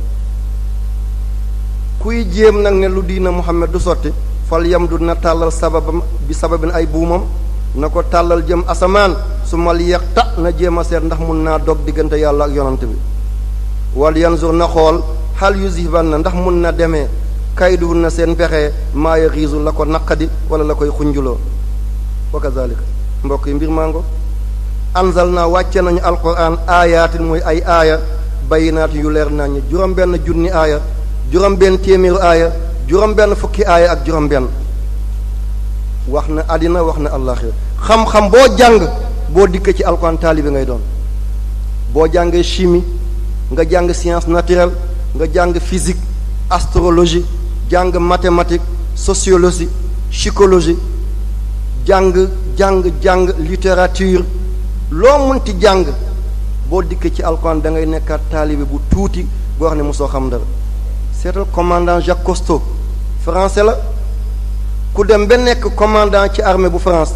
kuy jéem nag ne lu diina muhammad du sotti fal yam du na tàllal sababam bi sababin ay buumam na ko tàllal jëm asamaan su mal yexta na jéem a seet ndax mun naa dog diggante yàlla ak yonante bi wal yanzur na xool xal yusiban na ndax mun na demee kayduhun na seen pexe maaya riisu la ko naqadi wala la koy xunjuloo wa kazalika mbokk yi mbir mango anzalna wàcce nañu alquran aayaatin mooy ay aaya bayinaat yu leer nañu juróom benn junni aaya juróom benn téeméeru aaya juróom benn fukki aaya ak juróom benn wax na àddina wax na àllaaxira xam-xam boo jàng boo dikk ci alquran taalibe ngay doon boo jàngee chimie nga jàng science naturelle nga jàng fisik astrologie jàng mathématique sociologie psychologie jàng jàng jàng littérature loo munti jàng boo dikkee ci alquran da ngay nekkaat taalibe bu tuuti boo xam ne mosoo xam dara seetal commandant Jacques Cousteau français la ku dem ba nekk commandant ci armée bu France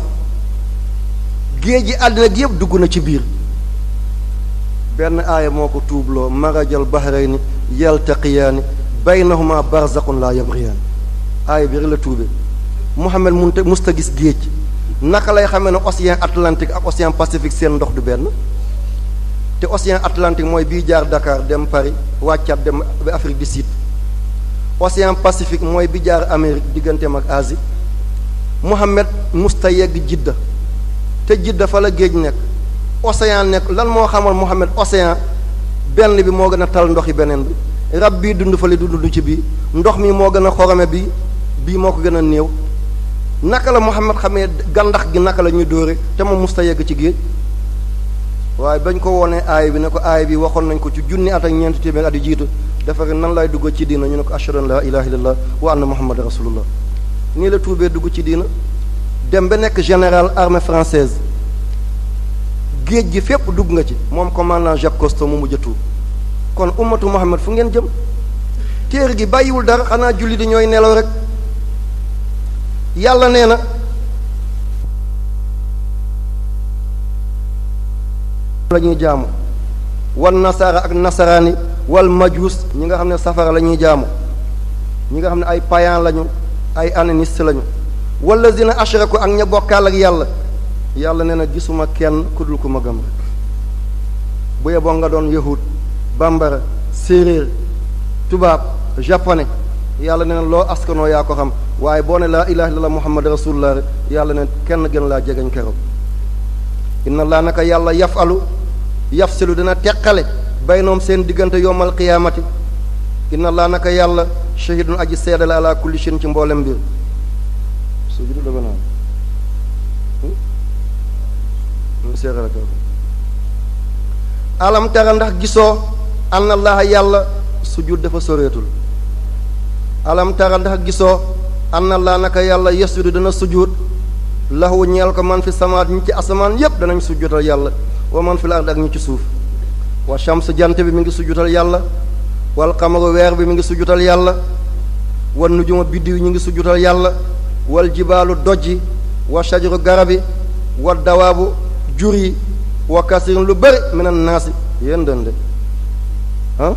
géej gi àddina gi yëpp dugg na ci biir benn aaya moo ko tuubloo marajal bahrayni yaltaqiyaani baynahuma barzaqun laa yabriyaani aaya bi rek la tuube Muhammad musta gis géej naka lay xamee ne océan Atlantique ak océan Pacifique seen ndox du benn te océan Atlantique mooy bii jaar Dakar dem Paris wàccaat dem ba Afrique du Sud océan Pacifique mooy bi jaar Amérique digganteem ak Asie Mohamed musta yegg Jidda te Jidda fa la géej nekk océan nekk lan moo xamal Mohamed océan benn bi moo gën a tal ndox yi beneen bi rab bii dund fa la dund ci bii ndox mi moo gën a xorome bi bii moo ko gën a néew naka la Muhammad xamee gàndax gi naka la ñuy dóore te moom musta yegg ci géej waaye bañ ko wonee aay bi ne ko aay bi waxoon nañ ko ci junni at ak ñeenti téeméer at yu jiitu dafa nan laay dugg ci diina ñu ne ko ashhadu an laa ilaha illallah wa anna muhammad rasulullah nii la tuubee dugg ci diina dem ba nekk général armée française géej gi fépp dugg nga ci moom commandant Jacques Cousteau mu mujj a tuub kon ummatu muhammad fu ngeen jëm téere gi bàyyiwul dara xanaa julli di ñooy nelaw rek yàlla nee na la ñuy jaamu wal nasaara ak nasaraani wal majuus ñi nga xam ne safara lañuy ñuy ñi nga xam ne ay payan lañu ay animiste lañu wala zina ko ak ña bokkaal ak yàlla yàlla nee na gisuma kenn ku dul ku ma gëm bu yeboo nga doon yahud bambara séeréer tubaab japonais yàlla nee na loo askanoo yaa ko xam waaye boo ne laa ilaha illallah muhammad rasulullah rek yàlla ne kenn gën laa jegeñ keroog inna laa naka yàlla yafalu yafsilu dina teqale bay baynoom seen diggante yowmal qiyaamati inna laa naka yàlla shahidun aji seedale ala ci mboolem mbir sujudu dafa naan hmm? hmm? tara ndax gisoo anna laa yàlla sujud dafa soreetul alam tara ndax gisoo an na laa naka yàlla yasjudu dana sujjuut lahu ñeel ko man fi samaat ñi ci asamaan yépp danañ sujjuutal yàlla man fi lard ak ci suuf jant bi mi ngi sujjutal yàlla wal qamaru weer bi mi ngi sujjutal yàlla wan nujuma biddiw ñu ngi sujjutal yàlla wal jibaalu dojji wa shajaru garabi wa dawaabu jur yi wa kasirin lu bëri minan naasi yéen dënde ah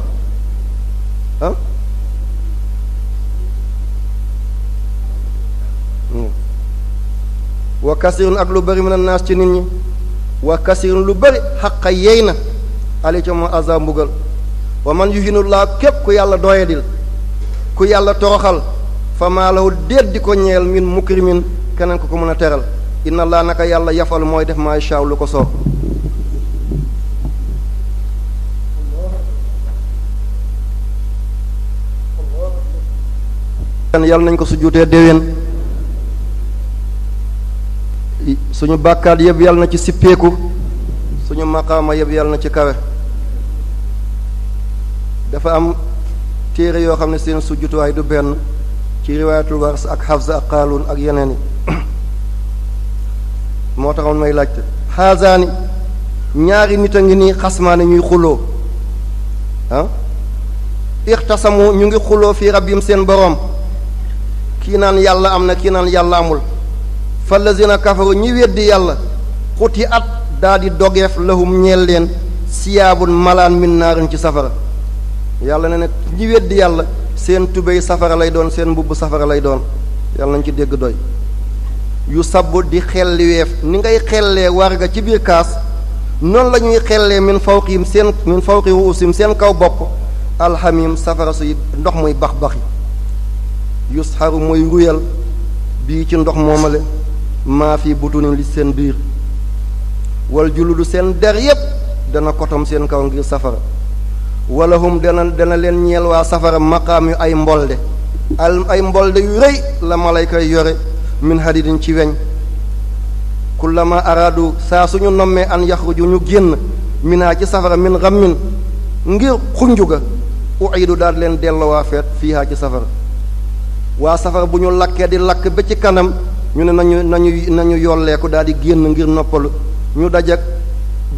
Hmm. waa kasirun ak lu bari mën a naas ci nit ñi wa kasirun lu bari xaqa yey na ali ca moom azab mbugal wa man yuhinullaa képp ku yàlla doyadil ku yàlla toroxal fa maa law di ko ñeel min mukrimin keneen ko ko mën a teral inna laa naka yàlla yafal mooy def maa shaaw lu ko soob yàlla nañ ko sujjuutee déwén suñu bàkkaat yëpp yàlla na ci sippeeku suñu maqaama yëpp yàlla na ci kawe dafa am téere yoo xam ne seen sujjutuwaay du benn ci riwaayatul wars ak xafsa ak xaaluun ak yeneen yi moo taxoon may laajte xaasaani ñaari nit a ngi nii xasmaane ñuy xuloo ah ixtasamu ñu ngi xuloo fii rab rabbim seen boroom kii naan yàlla am na kii naan yàlla amul fa lazina kafaru ñi weddi yàlla xuti at daa di dogeef lahum leen siyaabun malaan min naarin ci safara yàlla na ne ñi weddi yàlla seen tubéy safara lay doon seen mbubb safara lay doon yàlla nañ ci dégg doy yu sabb di xelliweef ni ngay xellee warga ci biir kaas noonu la ñuy xellee min fawqihim seen min fawqi ruusim seen kaw bopp alxamim safara suy ndox muy bax baxi yusxaru mooy ruyal bii ci ndox moomale maa fi butunin li seen biir wal juludu seen der yépp dana kotom seen kaw ngir safara wala hum dana dana leen ñeel waa safara makam yu ay mbolde al ay mbolde yu rëy la malayka yore min hadidin ci weñ kullama araadu saa suñu nommee an yaxruju ñu génn minaa ci safara min rammin ngir xunju ga uidu daal leen delloo waa feet fiihaa ci safara waa safara bu ñu lakkee di lakk ba ci kanam ñu ne nañu nañu nañu yolleeku daal di génn ngir noppalu ñu dajak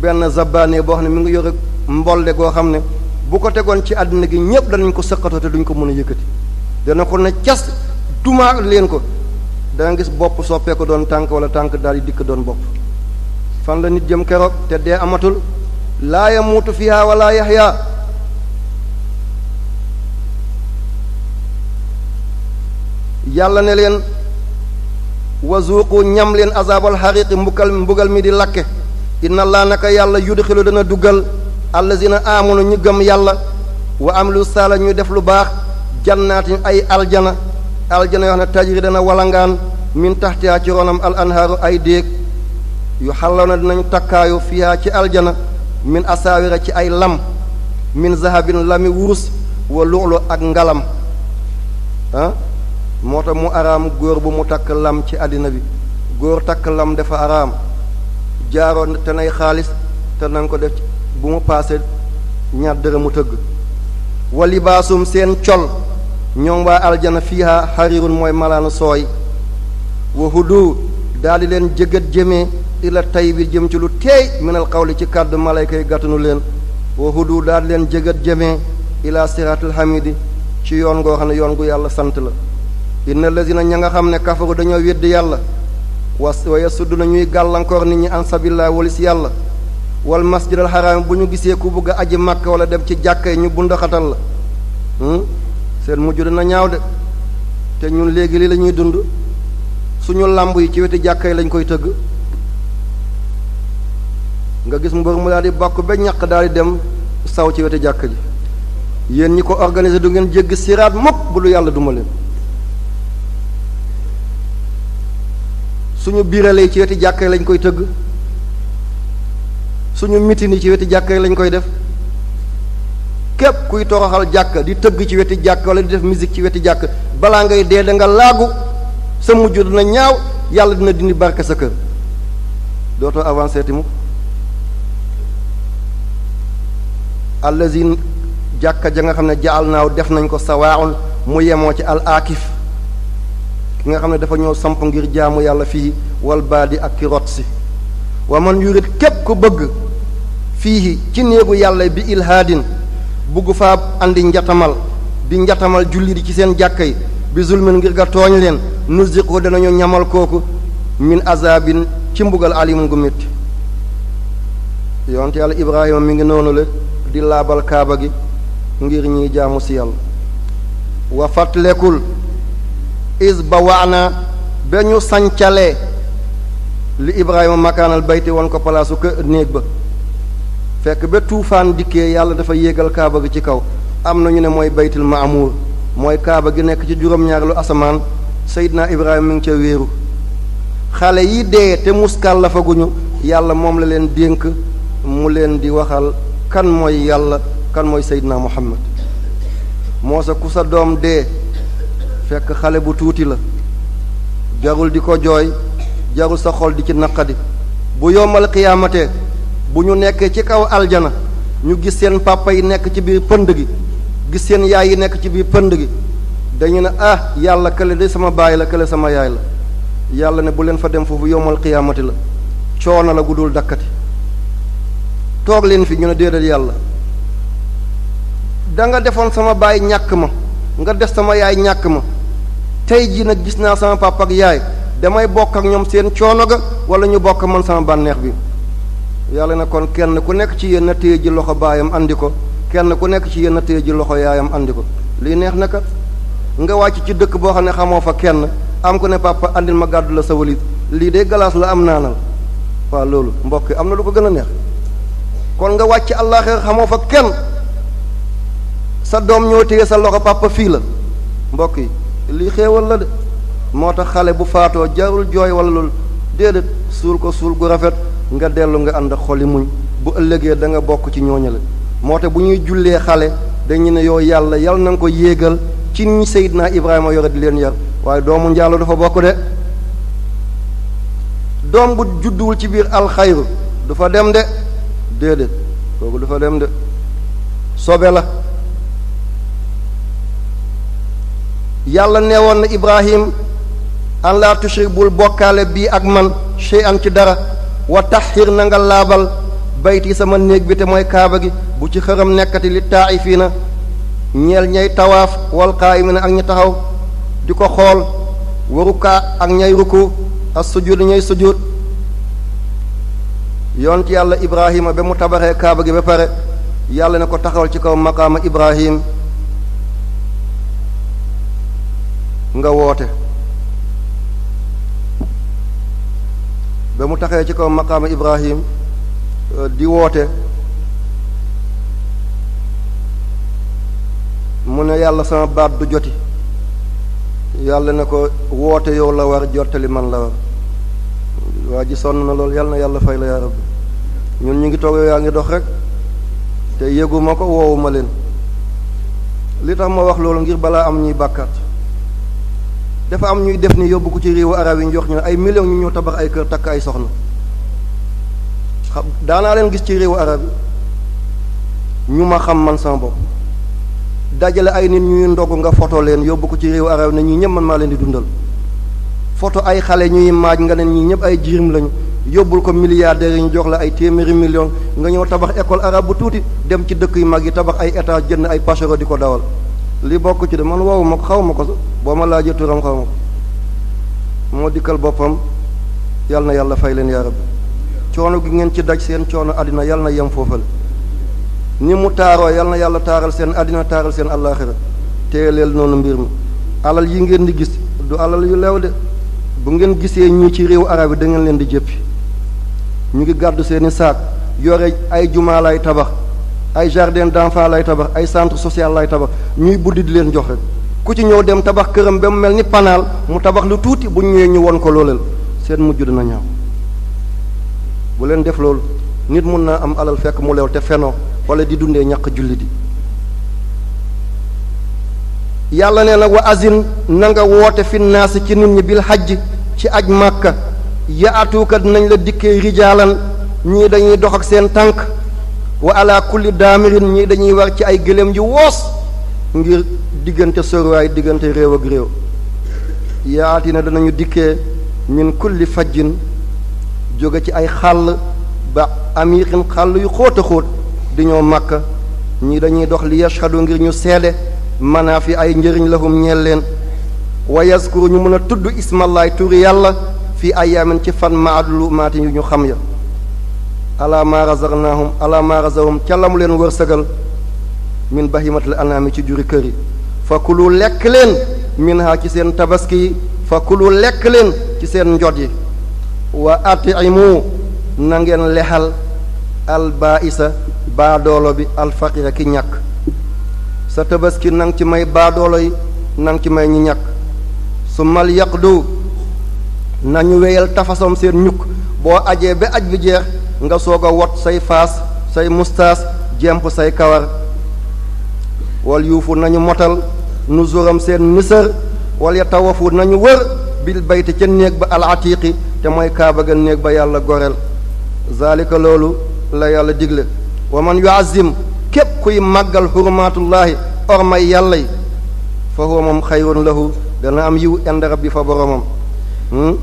benn zabaane boo xam ne mu ngi yore mbolle goo xam ne bu ko tegoon ci àddina gi ñépp danañ ko sëqatoo te ko mën a yëkkati dana ko ne cas dumaa leen ko danga gis bopp soppeeku doon tànk wala tànk daal di dikk doon bopp fan la nit jëm keroog te dee amatul laa yamuutu fiha wala yaxyaa yàlla ne leen wa zuuqu ñam leen azaabal xariqi mbukal mbugal mi di lakke inna laa naka yàlla yudxilu dana duggal allazina aamanu ñu gëm yàlla wa am lu saala ñu def lu baax jannaatin ay aljana aljana yoo xam ne tajri dana walangaan min ci ronam al anhaaru ay déeg yu xallaw na dinañu takkaayu fiihaa ci aljana min asaawira ci ay lam min zahabin lami wurus wa lu'lu ak ngalam ah? moo tax mu araam góor bu mu takk lam ci àddina bi góor takk lam dafa araam jaaroo te nay xaalis te na ko def bu mu paase ñaar dërëmu tëgg walibaasum seen col ñoom waa aljana fiiha xarirun mooy malaanu sooy wa hudu daal di leen jëggat jëmee ila tay bi jëm ci lu teey minal li ci kàddu malayka yi gàttanu leen wa hudu daal di leen jëggat jëmee ila siraatul hamidi ci yoon ngoo xam ne yoon gu yàlla sant la inna lazina ña nga xam ne kafaru dañoo weddi yàlla wa wa yasudduna ñuy gàllankoor nit ñi an sabilillah walis yàlla wal masjidal xaraam bu ñu gisee ku bëgg a aji màkk wala dem ci jàkka yi ñu bundaxatal la hmm? seen mujj dina ñaaw de te ñun léegi lii la dund suñu làmb yi ci wetu jàkka yi lañ koy tëgg nga gis mbër mu daal di bokk ba ñàq daal di dem saw ci wetu jàkka ji yéen ñi ko organisé du ngeen jéggi siraat mukk bu lu yàlla duma leen suñu biiralee ci weti jàkkee lañ koy tëgg suñu mitin yi ci weti jàkkee lañ koy def képp kuy toroxal jàkk di tëgg ci weti jàkk wala di def musique ci weti jàkk balaa ngay dee da nga laagu sa mujj dina ñaaw yàlla dina dindi barke sa kër dootoo avancé ti mu allazine jàkka ja nga xam ne jaal naaw def nañ ko sawaaun mu yemoo ci al akif ki nga xam ne dafa ñëw samp ngir jaamu yàlla fii wal ak ki rot si wa man yurit képp ku bëgg fii ci néegu yàlla bi ilhaadin bugg faa andi njatamal di njatamal julli di ci seen jàkka yi bi zulmin ngir nga tooñ leen nuziqu danañu ñamal kooku min azabin ci mbugal alimun gu métti yonte yàlla ibrahima mi ngi noonu la di laabal kaaba gi ngir ñiy jaamu si yàlla wa fàttalekul is ba waana ba ñu sancalee li ibrahima makaanal bayti won ko palaasu kë néeg ba fekk ba tuufaan dikkee yàlla dafa yéegal kaaba gi ci kaw am na ñu ne mooy baytil maamuur mooy kaaba gi nekk ci juróom-ñaareelu asamaan seydina ibrahima mu ngi ca wéeru xale yi dee te muskal yàlla moom la leen dénk mu leen di waxal kan mooy yàlla kan mooy seydina muhammad moo sa ku sa doom dee fekk xale bu tuuti la jarul di ko jooy jarul sa xol di ci naqadi bu yomal xiyaamatee bu ñu nekkee ci kaw aljana ñu gis seen papa yi nekk ci biir pënd gi gis seen yaay yi nekk ci biir pënd gi dañu ne ah yàlla kële de sama baay la kële sama yaay la yàlla ne bu leen fa dem foofu yomal xiyaamati la coono la gudul dakkati toog leen fi ñu ne déedéet yàlla danga defoon sama baay ñàkk ma nga def sama yaay ñàkk ma tey jii nag gis naa sama papa ak yaay damay bokk ak ñoom seen coono ga wala ñu bokk man sama bànneex bi yàlla na kon kenn ku nekk ci yéen na ji loxo baayam àndi ko kenn ku nekk ci yenn na ji loxo yaayam àndi ko lii neex na nga wàcc ci dëkk boo xam ne xamoo fa kenn am ku ne papa andil ma gàddu la sa walit lii de galaas la am naanal waa loolu mbokk am na lu ko gën a neex kon nga wàcc àllaaxira xamoo fa kenn sa doom ñoo téye sa loxo papa fii la mbokk yi lii xéewal la de moo tax xale bu faatoo jarul jooy wala loolu déedéet suul ko suul gu rafet nga dellu nga ànd ak xoli muñ bu ëllëgee da nga bokk ci ñooñale moo tax bu ñuy jullee xale dañu ne yow yàlla yàlla na ko yéegal ci ñi naa Ibrahima yore di leen yar waaye doomu njaalo dafa bokk de doom bu judduwul ci biir alxayru du fa dem de déedéet kooku du fa dem de sobe la yàlla nee woon na ibrahim an laa tushrik bul bokkaale bii ak man chey an ci dara wa tax na nga laabal bayti sama néeg bi te mooy kaaba gi bu ci xëram nekkati li taa'ifiina ñeel ñay tawaaf wal ne ak ñi taxaw di ko xool wa rukaa ak ñay ruku as sujuud ñay sujuud yont yàlla ibrahima ba mu tabaxee kaaba gi ba pare yàlla ne ko taxawal ci kaw maqaama ibrahim nga woote ba mu taxee ci kaw maqaama Ibrahim euh, di woote mu ne yàlla sama baat du joti yàlla na ko woote yow la war jottali man la war waa ji sonn na loolu yàlla na yàlla fay la yaa rabbi ñun ñu ngi toog yaa ngi dox rek te yëguma ko woowuma leen li tax ma wax loolu ngir balaa am ñuy bàkkaat dafa am ñuy def ni yóbbu ko ci réewu arab yi ñu jox ay millions ñu ñëw tabax ay kër takk ay soxna xam daanaa leen gis ci réewu arab yi ñu ma xam man sama bopp dajale ay nit ñuy ndogg nga photo leen yóbbu ko ci réewu arab ne ñi ñëpp man maa leen di dundal foto ay xale ñuy maaj nga ne ñi ñëpp ay jirim lañu yóbbul ko milliardaires yi ñu jox la ay téeméeri million nga ñëw tabax école arabe bu tuuti dem ci dëkk yu mag yi tabax ay état jënd ay pachero di ko dawal li bokk ci de man woowu ma ko xaw ma ko boo ma laajee turam xaw ma ko moo dikkal boppam yal na yàlla fay leen yaa rabbi coono gi ngeen ci daj seen coono àddina yal na yem foofale ni mu taaroo yal na yàlla taaral seen àddina taaral seen àllaaxira teeleel noonu mbir mi alal yi ngeen di gis du alal yu leew de bu ngeen gisee ñii ci réew arab yi da leen di jëppi ñu ngi gàddu seeni saak yore ay jumaa lay tabax ay jardin d'enfants lay tabax ay centre sociale lay tabax ñuy buddi di leen jox rek ku ci ñëw dem tabax këram ba mu mel ni panaal mu tabax lu tuuti bu ñëwee ñu won ko looleel seen mujj dina ñaaw bu leen def loolu nit mun naa am alal fekk mu leew te fenoo wala di dundee ñàq julli di yàlla nee nag wa azin na nga woote fi naas ci nit ñi bil xajj ci aj màkka yaatuukat nañ la dikkee rijaalan ñii dañuy dox ak seen tànk wa ala kulli daamirin ñii dañuy war ci ay gëléem yu woos ngir diggante soriwaay diggante réew ak réew yaatina danañu dikkee min kulli fajjin jóge ci ay xàll ba amiirin xàll yu xóot a xóot di ñoo màkk ñi dañuy dox li yashhadu ngir ñu seede manaa fi ay njëriñ lahum ñeel leen wa yaskuru ñu mën a tudd ismallaay turi yàlla fii ayyaamin ci fan maadlu maati yu ñu xam ya ala ma razaqnahum ala ma razahum ca lamu leen wërsëgal min bahimatil anaami ci juri kër yi fa kulu lekk leen min ha ci seen tabaski yi fa kulu lekk leen ci seen njot yi wa atimu na ngeen lexal al baisa baadoolo bi al faqira ki ñàkk sa tabaski nang ci may baadoolo yi nang ci may ñi ñàkk su mal yaqdu nañu weyal tafasom seen ñukk boo ajee ba aj bi jeex nga soog a wot say faas say mustaas jemp say kawar wal yuufu nañu motal nu zuram seen nisër wal ya tawafu nañu wër bil bayti ca néeg ba al atiqi te mooy kaaba ga néeg ba yàlla goreel zalika loolu la yàlla digle wa man yuazim képp kuy màggal xurumaatullaahi or may yàlla yi fa huwa moom xayrun lahu dana am yiw inda rabbi fa boromam hmm?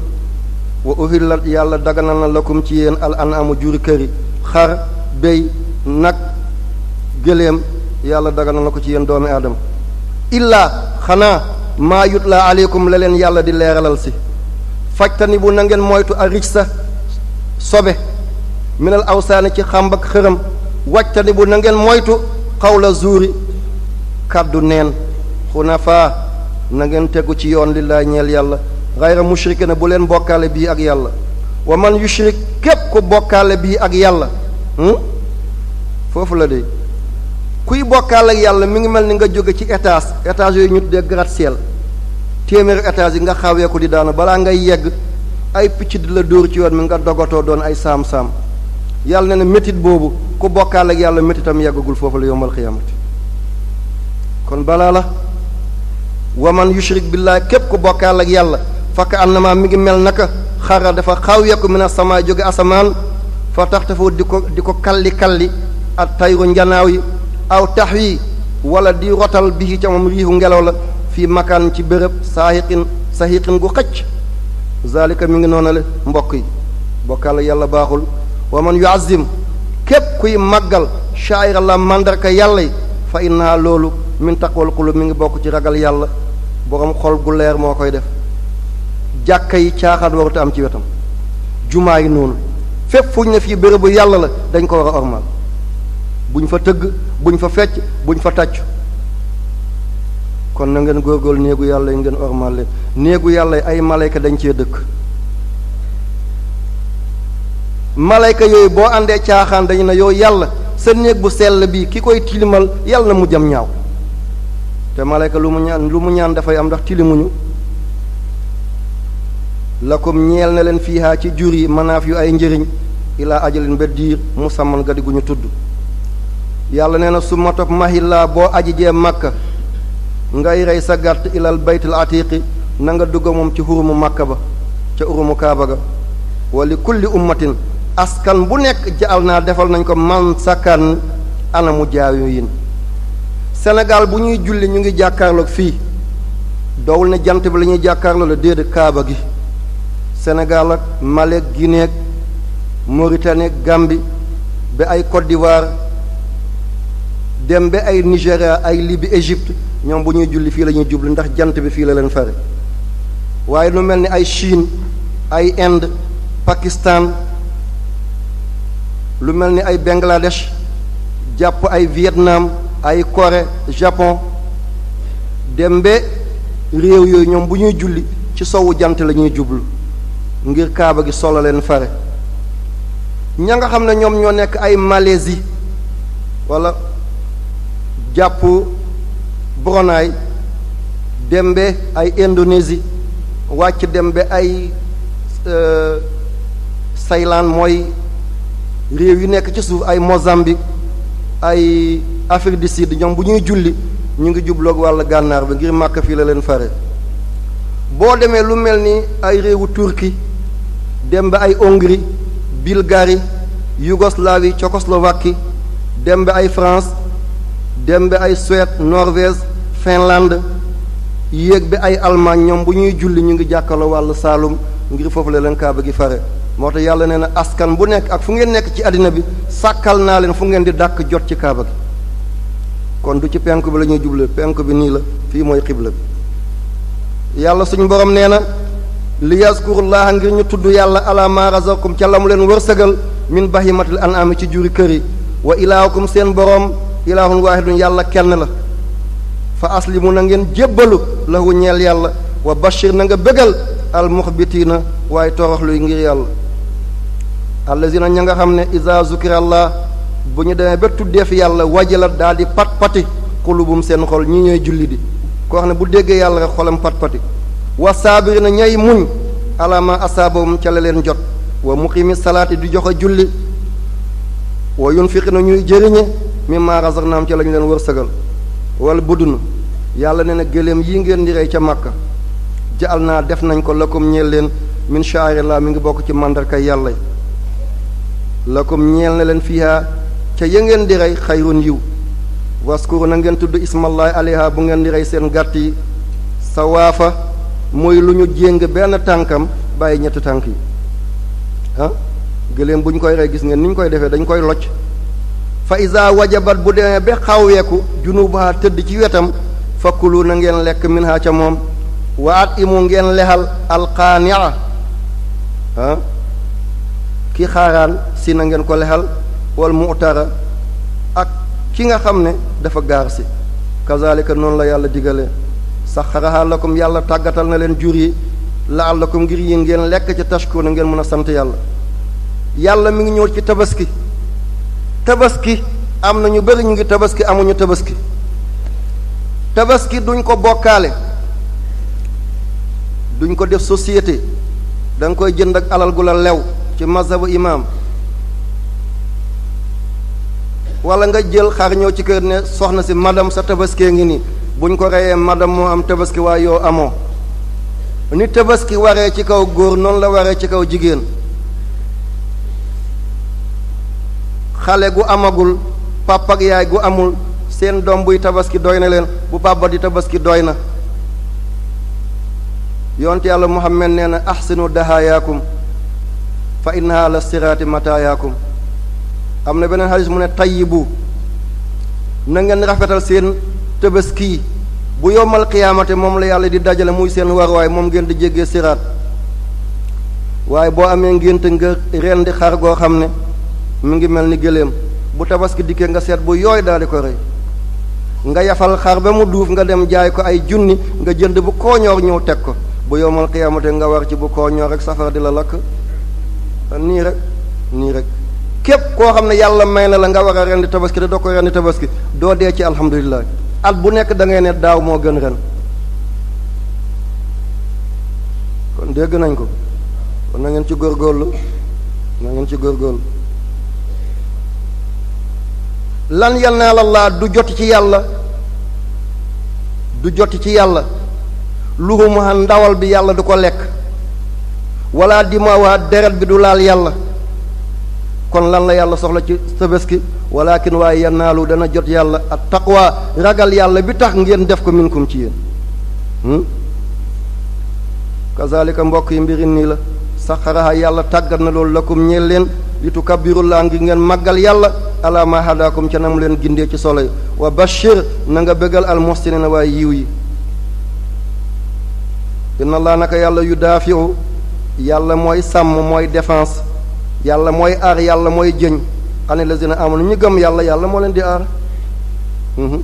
wa la yàlla daganal na lakum ci yéen al anaamu juri këri xar béy nag gëléem yàlla daganal na ko ci yéen doomi aadama illaa xanaa maa yutlaa aleykum la leen yàlla di leeralal si fajtani bu na moytu a rij sa sobe minal awsaani ci xàmb ak xërëm wajtani bu nangeen moytu xaw la zuuri kàddu neen xunafaa na ngeen tegu ci yoon lillaay ñeel yàlla xayra mushrikina bu leen bokkaale bii ak yàlla wa man yushrik képp ku bokkaale bii ak yàlla hmm? foofu la de kuy bokkaale ak yàlla mi ngi mel ni nga jóge ci étage étage yooyu ñu tuddee gratte-ciel téeméeri étage yi nga xawee ko di daana balaa ngay yegg ay picc di la dóor ci yoon mi nga dogatoo doon ay saam-saam yàlla ne na métit boobu ku bokkaale ak yàlla métitam yeggagul foofu la yombal xiyaamati kon balaa la waman yushrik billaah képp ku bokkaale ak yàlla fakk maa mi ngi mel naka xara dafa xaw yekku mina sama jóge asamaan fa tax tafu di ko di ko kalli kalli ak tayru njanaaw yi aw tax wi wala di rotal bi ca moom riixu ngelaw la fii makaan ci bërëb saahiqin sahiqin gu xëcc zalika mi ngi noonale mbokk yi bokkal yàlla baaxul wa man yuazim képp kuy màggal shaaira la màndarka yàlla yi fa inna loolu min taqwal qulub mi ngi bokk ci ragal yàlla boroom xol gu leer moo koy def jàkka yi caaxaan warut am ci wetam jumaa yi noonu fépp fu ñu ne fii bërëbu yàlla la dañ ko war a ormal bu ñu fa tëgg bu ñu fa fecc bu ñu fa tàcc kon na ngeen góorgóorlu néegu yàlla yi ngeen ormal leen néegu yàlla yi ay malayka dañ cee dëkk malayka yooyu boo àndee caaxaan dañu ne yow yàlla sa néeg bu sell bi ki koy tilimal yàlla na mu jëm ñaaw te malayka lu mu ñaan lu mu ñaan dafay am ndax tilimuñu lakum ñeel na leen fiihaa ci jur yi manaaf yu ay njëriñ ilaa ajalin ba diir musamman ga gu ñu tudd yàlla nee na su ma topp mahillaa boo aji jee màkka ngay rey sa gàtt ilal baytul atiqi nanga nga moom ci xurumu màkka ba ca urumu kaaba ga wa li kulli ummatin askan bu nekk jaal naa defal nañ ko man sakkan anamu jaayu yin Sénégal bu ñuy julli ñu ngi jàkkaarloog fii doowul ne jant bi la ñuy jàkkaarloo la déedéet kaaba gi Sénégal ak Mali ak Guinée ak Mauritanie ak Gambie ba ay Côte d'Ivoire dem ba ay Nigéria ay Libye Égypte ñoom bu ñuy julli fii la ñuy jublu ndax jant bi fii la leen fare waaye lu mel ni ay Chine ay Inde pakistaan lu mel ni ay Bangladesh jàpp ay Vietnam ay Corée Japon dem ba réew yooyu ñoom bu ñuy julli ci sowu jant la ñuy jublu ngir kaaba gi solo leen fare ña nga xam ne ñoom ñoo nekk ay Malaisie wala jàpp Brunei dem ay Indonésie wàcc dem ba ay Thaïlande euh, mooy réew yu nekk ci suuf ay Mozambique ay Afrique du Sud ñoom bu ñuy julli ñu ngi jubloog wàllu gànnaar bi ngir màkk fii la leen fare boo demee lu mel ni ay réewu Turquie dem ba ay Hongrie Bulgarie Yougoslavie Tchécoslovaquie dem ba ay France dem ba ay Suède Norvège Finlande yéeg ba ay Allemagne ñoom bu ñuy julli ñu ngi jàkkaarloo wàllu Saalum ngir foofu la leen kaaba gi fare moo tax yàlla nee na askan bu nekk ak fu ngeen nekk ci àddina bi sàkkal naa leen fu ngeen di dàkk jot ci kaaba gi kon du ci penk bi lañuy ñuy juble penk bi nii la fii mooy xibla bi yàlla suñu borom nee na li yazkurullaha ngir ñu tudd yàlla ala ma razaqakum ca la mu leen wërsëgal min bahimatil an'am ci juri kër yi wa ilaahukum seen boroom ilaahun waahidun yàlla kenn la fa aslimu na ngeen jébbalu lahu ñeel yàlla wa bashir nanga nga bégal al muxbitiina waaye toroxluy ngir yàlla allazina ña nga xam ne iza zukirallah bu ñu demee ba tuddee yàlla wajalat daal di pat pati xulubum seen xol ñii ñooy julli di koo xam ne bu déggee yàlla rek xolam pat pati wa saabirina ñay muñ ala ma asaabahum ca la leen jot wa muqimi salaati di joxe julli wa yunfiqina ñuy jëriñe mimma razaqnaam ca la ñu leen wërsëgal wal budun yàlla ne na gëléem yi ngeen di rey ca màkka jaal naa def nañ ko lakum ñeel leen min sha'airillah mi ngi bokk ci màndarkay yàlla lakum ñeel na leen fiiha ca ya di rey xayrun yiw waskuru na ngeen tudd ismallahi aleyha bu ngeen di rey seen gàtt yi sawaafa mooy lu ñu jéng benn tànkam bàyyi ñett tànk yi ah gëléem bu ñu koy rey gis ngeen ni ñu koy defee dañ koy locc fa isa wajabat bu demee ba xawweeku junubaha tëdd ci wetam fakkulu na ngeen lekk min ca moom wa at imu ngeen lexal alqaania ah ki xaaraan si na ngeen ko lexal wal mu'tara ak ki nga xam ne dafa gaar si kazalika noonu la yàlla digalee saxaraha lakum yàlla tàggatal na leen jur yi la ko ngir yi ngeen lekk ci tashkuna ngeen mën a sant yàlla yàlla mi ngi ñëw ci tabaski tabaski am na ñu bëri ñu ngi tabaski amuñu tabaski tabaski duñ ko bokkaale duñ ko def société da koy jënd ak alal gu la lew ci mazhabu imaam wala nga jël xar ñëw ci kër ne soxna si madame sa tabaskee ngi nii buñ ko reyee madam moo am tabaski waaye yoo amoo ni tabaski waree ci kaw góor noonu la waree ci kaw jigéen xale gu amagul papa ak yaay gu amul seen doom buy tabaski doy na leen bu papa di tabaski doy na yonte yàlla muhammad nee na ahsinu dahayaakum fa innaha la siraati matayaakum am na beneen xadis mu ne tayyibu na ngeen rafetal seen tëbëski bu yomal xiyaamate moom la yàlla di dajale muy seen war waaye moom ngeen di jéggee siraat waaye boo amee ngénte nga rendi xar goo xam ne mu ngi mel ni gëléem bu tabaski dikkee nga seet bu yooy daal di ko rey nga yafal xar ba mu duuf nga dem jaay ko ay junni nga jënd bu kooñoor ñëw teg ko bu yomal xiyaamate nga war ci bu kooñoor rek safara di la lakk nii rek nii rek képp koo xam ne yàlla may na la nga war a rendi tabaski te doo ko rendi tabaski doo dee ci alhamdulilah at bu nekk dangay ngay ne daaw moo gën ren kon dégg nañ ko kon na ngeen ci góor góorlu ngeen ci góorgóorlu lan yanaala laa du jot ci yàlla du jot ci yàlla luhumaa ndawal bi yàlla du ko lekk wala dimawaa deret bi du laal yàlla kon lan la yàlla soxla ci Tabaski walakin waaye yanaalu dana jot yàlla at taqwa ragal yàlla bi tax ngeen def ko minkum ci yéen hmm? kazalika mbokk yi mbiri nii la saxaraha yàlla tàggat na loolu lakum ñeel leen li tukabbirullaa ngir ngeen màggal yàlla ala ma ca na mu leen gindee ci solo wa bashir na nga bégal al muhsinina waaye yiw yi inna laa naka yàlla yu daafiu yàlla mooy sàmm mooy défense yàlla mooy aar yàlla mooy jëñ xam ne la dina amul ñu gëm yàlla yàlla moo leen di aar mhm.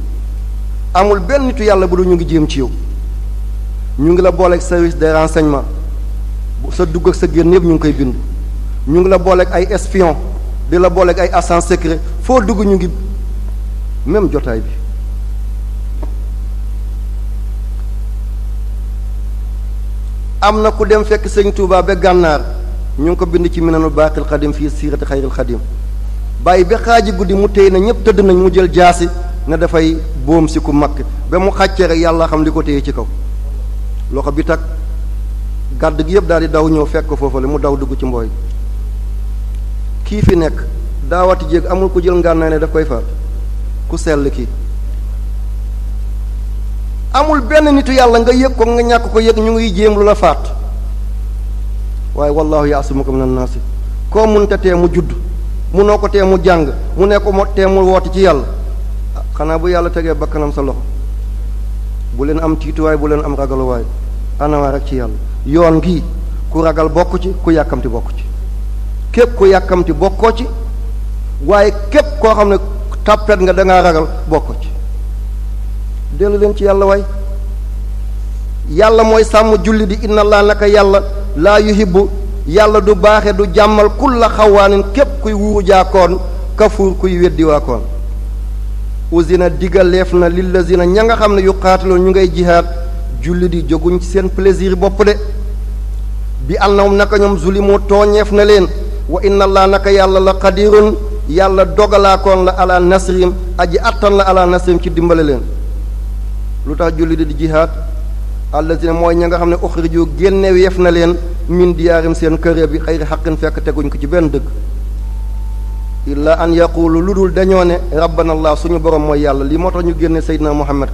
amul benn nitu yàlla bu dul ñu ngi jéem ci yow ñu ngi la booleek service des renseignements sa dugg ak sa génn yëpp ñu ngi koy bind ñu ngi la booleek ay espion di la booleeg ay agent secret foo dugg ñu ngi même jotaay bi am na ku dem fekk sëñ Touba ba gànnaar ñu ngi ko bind ci minanul baaqil xadim fii siirati xayril xadim bàyyi ba xaaji guddi mu téye na ñëpp tëdd nañ mu jël jaasi ne dafay boom si ku makk ba mu xàccee rek yàlla xam li ko téye ci kaw loxo bi takk gàdd gi yëpp daal di daw ñëw fekk foofu foofale mu daw dugg ci mbooy kii fi nekk daawati jéeg amul ku jël ngànnaay ne daf koy faat ku sell kii amul benn nitu yàlla nga yëg ko nga ñàkk ko yëg ñu ngi jéem lu la faat waaye wallaahu yaasimuka ko naasi koo muntatee mu judd munoo ko tee mu jàng mu ne ko mo tee mu woote ci yàlla xanaa bu yàlla tegee bakkanam sa loxo bu leen am tiituwaay bu leen am ragaluwaay anawaa rek ci yàlla yoon gi ku ragal bokku ci ku yàkkamti bokku ci képp ku yàkkamti bokkoo ci waaye képp koo xam ne tàppet nga dangaa ragal bokk ci dellu leen ci yàlla waay yàlla mooy sàmm julli di inna laa naka yàlla laa yuhibbu yàlla du baaxe du jàmmal kulla xawaanin képp kuy wuuru jaakoon kafuur kuy weddi waakoon usina digaleef na lillazina ña nga xam ne yu ñu ngay jihaad julli di jóguñ ci seen plaisir bopp de bi annahum naka ñoom zulimu tooñeef na leen wa inna allah naka yàlla la qadirun yàlla dogalaakoon la ala nasrim aji attan la ala nasrim ci dimbale leen lu tax julli di di jihaad allazina mooy ña nga xam ne uxrijoo génneweef na leen min diyaarim seen këree bi xayri xaqin fekk teguñ ko ci benn dëkk illa an yaqulu lu dul dañoo ne rabbana allah suñu borom mooy yàlla lii moo tax ñu génne seydina muhammad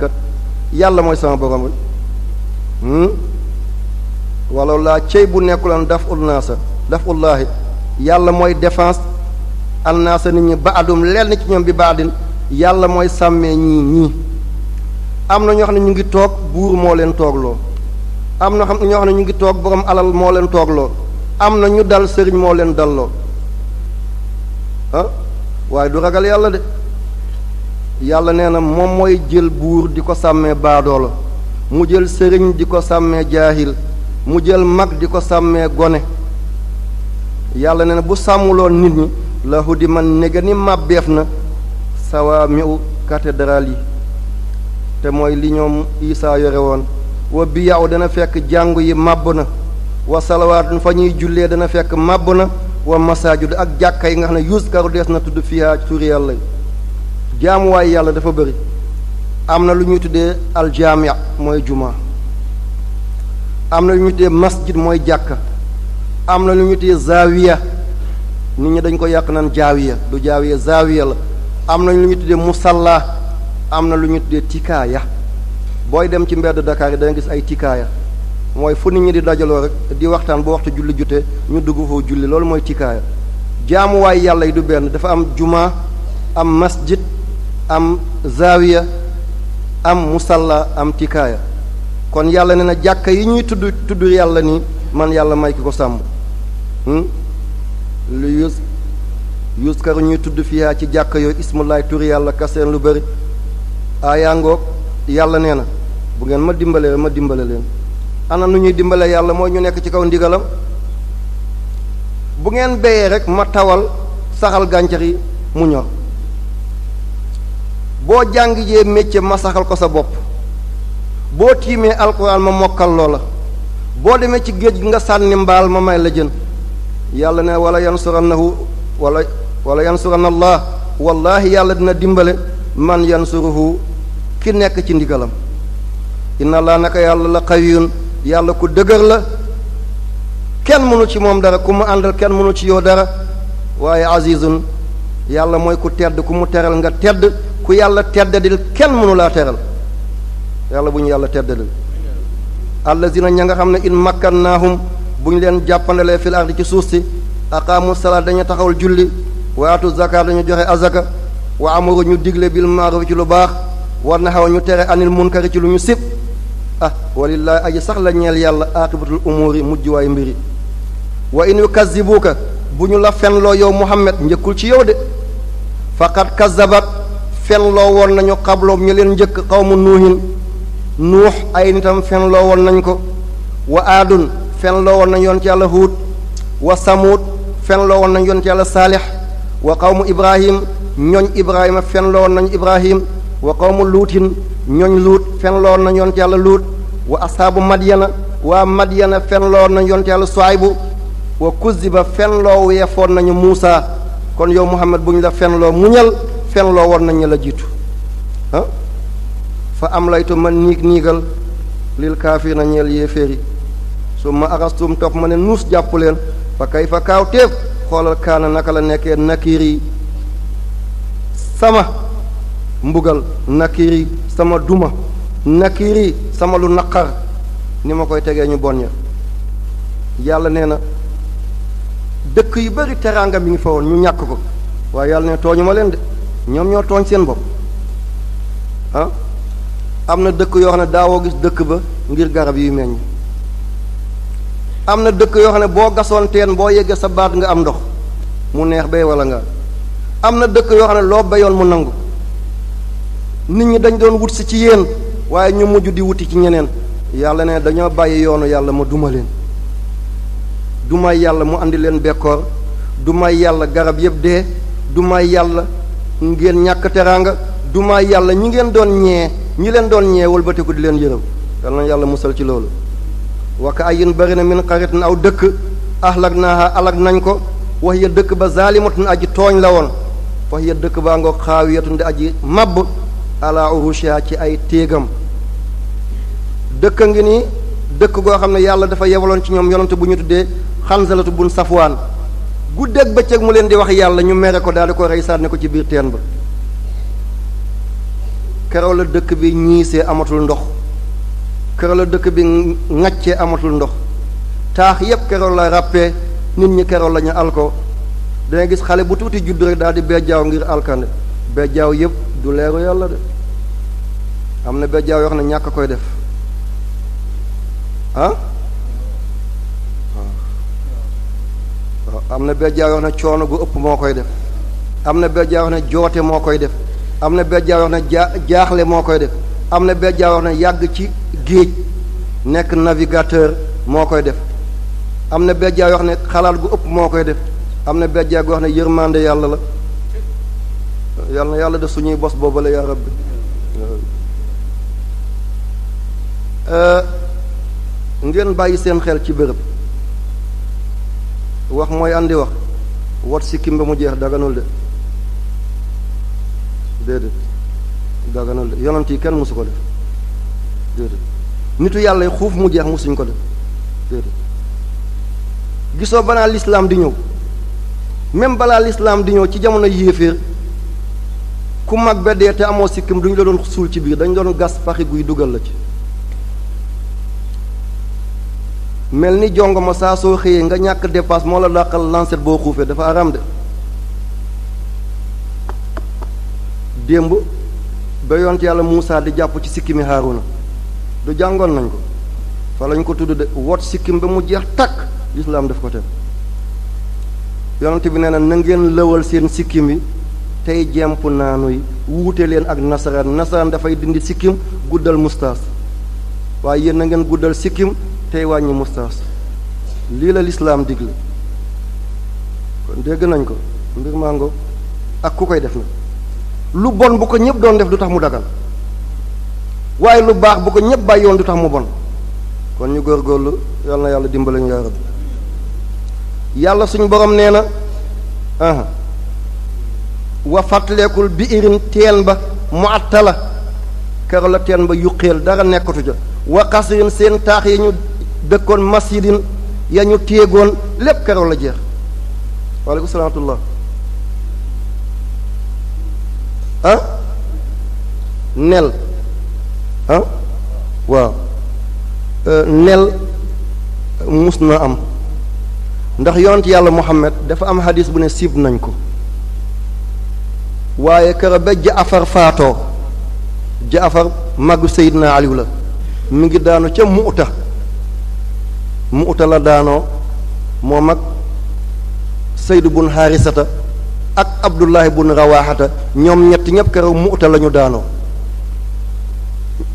yàlla mooy sama borom hmm? wala laa cey bu nekkulan daf ul naasa daf ullaahi yàlla mooy défense al naasa nit ñi baadum lenn ci ñoom bi baadin yàlla mooy sàmmee ñii ñii am na ñoo xam ne ñu ngi toog buur moo leen toogloo am na xam ñoo xam ne ñu ngi toog borom alal moo leen toogloo am na ñu dal sëriñ moo leen dalloo ah, waaye du ragal yàlla de yàlla nee na moom mooy jël buur di ko sàmmee baadoolo mu jël sëriñ di ko sàmmee jaahil mu jël mag di ko sàmmee gone yàlla nee na bu sàmmuloon nit ñi la hudi man néga ni màbbeef na sawa miu cathédrale yi te mooy li ñoom Isaa yore woon wa biyaw dana fekk jàngu yi màbb na wa salawaatun fa ñuy jullee dana fekk màbb na wa masaajid ak jàkka yi nga xam ne yuskaru dees na tudd fiha tur yàlla yàlla dafa bëri am na lu ñuy tuddee aljaamia mooy jumaa am na lu ñuy tuddee masjid mooy jàkka am na lu ñuy tuddee zaawiya nit ñi dañ ko yàq naan jaawiya du jaawiya zaawiya la am na lu ñuy tuddee musalla am na lu ñu tuddee tikaaya booy dem ci mbedd Dakar yi da gis ay tikaaya mooy fu nit ñi di dajaloo rek di waxtaan bu waxtu julli jotee ñu dugg foofu julli loolu mooy tikaaya jaamuwaay yàlla yi du benn dafa am jumaa am masjid am zaawiya am musalla am tikaaya kon yàlla ne na jàkka yi ñuy tudd tudd yàlla nii man yàlla may ki ko sàmm hmm? lu yus yuskaru ñuy tudd fiyaa ci jàkka yooyu ismullaay tur yàlla kaseen lu bëri aayangoog yàlla nee na bu ngeen ma dimbalee ma dimbale leen ana nu ñuy dimbale yàlla mooy ñu nekk ci kaw ndigalam bu ngeen béyee rek ma tawal saxal gàncax yi mu ñor boo jàng jee métier ma saxal ko sa bopp boo tiimee alxuraan ma mokkal loola boo demee ci géej gi nga sànni mbaal ma may la jën yàlla ne wala yansurannahu wala wala yansuranna allah wallaahi yàlla dina dimbale man yansuruhu ki nekk ci ndigalam inna laa yàlla la xawiyun yàlla ku dëgër la kenn mënu ci moom dara ku mu àndal kenn mënu ci yow dara waaye azizun yàlla mooy ku tedd ku mu teral nga tedd ku yàlla teddadil kenn mënu laa teral yàlla bu ñu yàlla teddadil allazina ña nga xam ne in makkannaahum bu ñu leen jàppandalee fil ardi ci suuf si aqaamu salaat dañu taxawal julli wa aatu zakat dañu joxe azaka wa amaru ñu digle bil maaruf ci lu baax war na xaw ñu tere anil munkari ci lu ñu sib ah walillahi aji sax la ñeel yàlla aqibatul yi mujj waay mbiri wa in yukazzibuuka bu ñu la fenloo yow muhammad njëkkul ci yow de faqad kazzabat fenloo woon nañu xabloom ñu leen njëkk xawmu nuuhin nuux ay nitam fenloo woon nañ ko wa aadun fenloo woon nañ yoon ci yàlla huut wa samuud fenloo woon nañ yoon ci yàlla saalix wa xawmu ibrahim ñooñ ibrahima fenloo woon nañu ibrahim wa qawmu luutin ñooñ luut fenloor na yonent yàlla luut wa asxaabu madyana waa madyana fenloor na yonent yàlla bu wa kuziba fenloo weefoon nañu muusa kon yow muhammad bu ñu la fenloo muñal fenloo woon nañu la jiitu fa am laytu ma niig niigal lil kaafir na ñeel yéeféeri su ma arastum topp ma ne nuus jàpp leen fa kay fa kaaw téef xoolal kaana naka la nekkee nakiir yi sama mbugal nakiri sama duma nakiri sama lu naqar ni ma koy tegee ñu bon ya yàlla nee na dëkk yu bari teraanga mi ngi fa woon ñu ñàkk ko waaye yàlla nee tooñu ma leen de ñoom ñoo tooñ seen bopp ah am na dëkk yoo xam ne daawoo gis dëkk ba ngir garab yi meññ am na dëkk yoo xam ne boo gasoon teen boo yeggee sa baat nga am ndox mu neex bay wala nga am na dëkk yoo xam ne loo bayoon mu nangu nit ñi dañ doon wut si ci yéen waaye ñu mujj di wuti ci ñeneen yàlla ne dañoo bàyyi yoonu yàlla ma duma leen duma yàlla mu andi leen bekkoor du may yàlla garab yëpp dee duma yàlla ngeen ñàkk teraanga duma yàlla ñi ngeen doon ñee ñi leen doon ñee wëlbatiku di leen yërëm yal na yàlla musal ci loolu waka ayin bëri na min xarit na aw dëkk ahlak naaha alag nañ ko wax ya dëkk ba na aji tooñ la woon wax ya dëkk baa ngoog xaawiyatun di aji mabb ala urushiha ci ay téegam dëkk ngi ni dëkk goo xam ne yàlla dafa yebaloon ci ñoom yonante bu ñu tuddee xansalatu bun safwaan guddeeg bëccëg mu leen di wax yàlla ñu mere ko daal ko rey sànni ko ci biir teen ba keroog la dëkk bi ñiisee amatul ndox keroog la dëkk bi ŋaccee amatul ndox taax yépp keroo la ràppee nit ñi keroo la ñu alko danga gis xale bu tuuti judd rek daal di bejjaaw ngir alkande bejjaaw yépp du leeru yàlla de am na bejjaaw yoo xam ne ñàkk koy def ah, ah. ah am na bejjaaw yoo xam ne coono gu ëpp moo koy def am na bejjaaw yoo xam ne joote moo koy def am na bejjaaw yoo xam ne jaaxle moo koy def am na bejjaaw yoo xam ne yàgg ci géej nekk navigateur moo koy def am na bejjaaw yoo xam ne xalaat gu ëpp moo koy def am na bejjaaw goo xam ne yërmande yàlla la yal yàlla def suñuy bos boobale yaa rabbi euh, ngeen bàyyi seen xel ci bërëb wax mooy àndi wax wat sikkim ba mu jeex daganul de déedéet daganul de yonent yi kenn mosu ko def nitu yàlla yi xuuf mu jeex mosuñ ko def gisoo banaa lislaam di ñëw même balaa lislaam di ñëw ci jamono yéeféer ku mag ba dee te amoo sikkim du ñu la doon suul ci biir dañu doon gas paxi guy dugal la ci mel ni jongo ma saa soo xëyee nga ñàkk dépasse moo la dàqal lancet boo xuufee dafa aram de démb ba yonte yàlla Muusaa di jàpp ci sikkimi Haaruna du jàngoon nañ ko fa lañ ko tudd de wot sikkim ba mu jeex takk lislaam daf ko teg yonent bi nee na na ngeen lëwal seen sikkim yi tey jemp naanuy wuute leen ak nasaraan nasaraan dafay dindi sikkim guddal mustaas waaye yéen na ngeen guddal sikkim tey wàññi mustaas lii la lislaam digle kon dégg nañ ko mbir mango ak ku koy def na lu bon bu ko ñëpp doon def du tax mu dagal waaye lu baax bu ko ñëpp bàyyi yoon du tax mu bon kon ñu góorgóorlu yal na yàlla dimbale ñu yaa rabbi yàlla suñu borom nee na wa fàttalekul bi irin teen ba mu atta la kero la teen ba yuqeel dara nekkatu ja wa xasrin seen taax ya ñu dëkkoon masjidin ya ñu téegoon lépp kero la jeex waaleykum salaamatullaa ah nel ah? Euh, nel mus na am ndax yonent yàlla Muhammad dafa am hadis bu ne sib nañ ko waaye kër ba Jaafar faatoo Jaafar màggu Seydina Aliou la mu ngi daanu ca Muuta Muuta la daanoo moo mag Seydu bun Haarisata ak Abdullahi bun Rawaxata ñoom ñett ñépp kër Muuta lañu ñu daanoo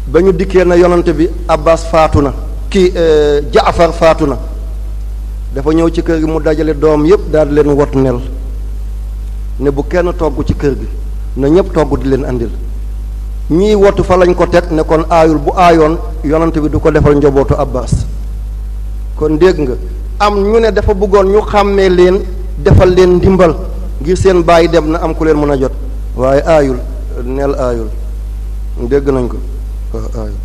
ba ñu dikkee na yonante bi Abbas faatu na kii eh, Jaafar faatu na dafa ñëw ci kër gi mu dajale doom yépp daal di leen wot nel ne bu kenn togg ci kër gi na ñëpp togg di leen andil ñiy wotu fa lañ ko teg ne kon aayul bu aayoon yonante bi du ko defal njobootu abbas kon dégg nga am ñu ne dafa bëggoon ñu xàmmee leen defal leen ndimbal ngir seen bàyyi dem na am ku leen mën a jot waaye aayul neel aayul dégg nañ ko waaw aayul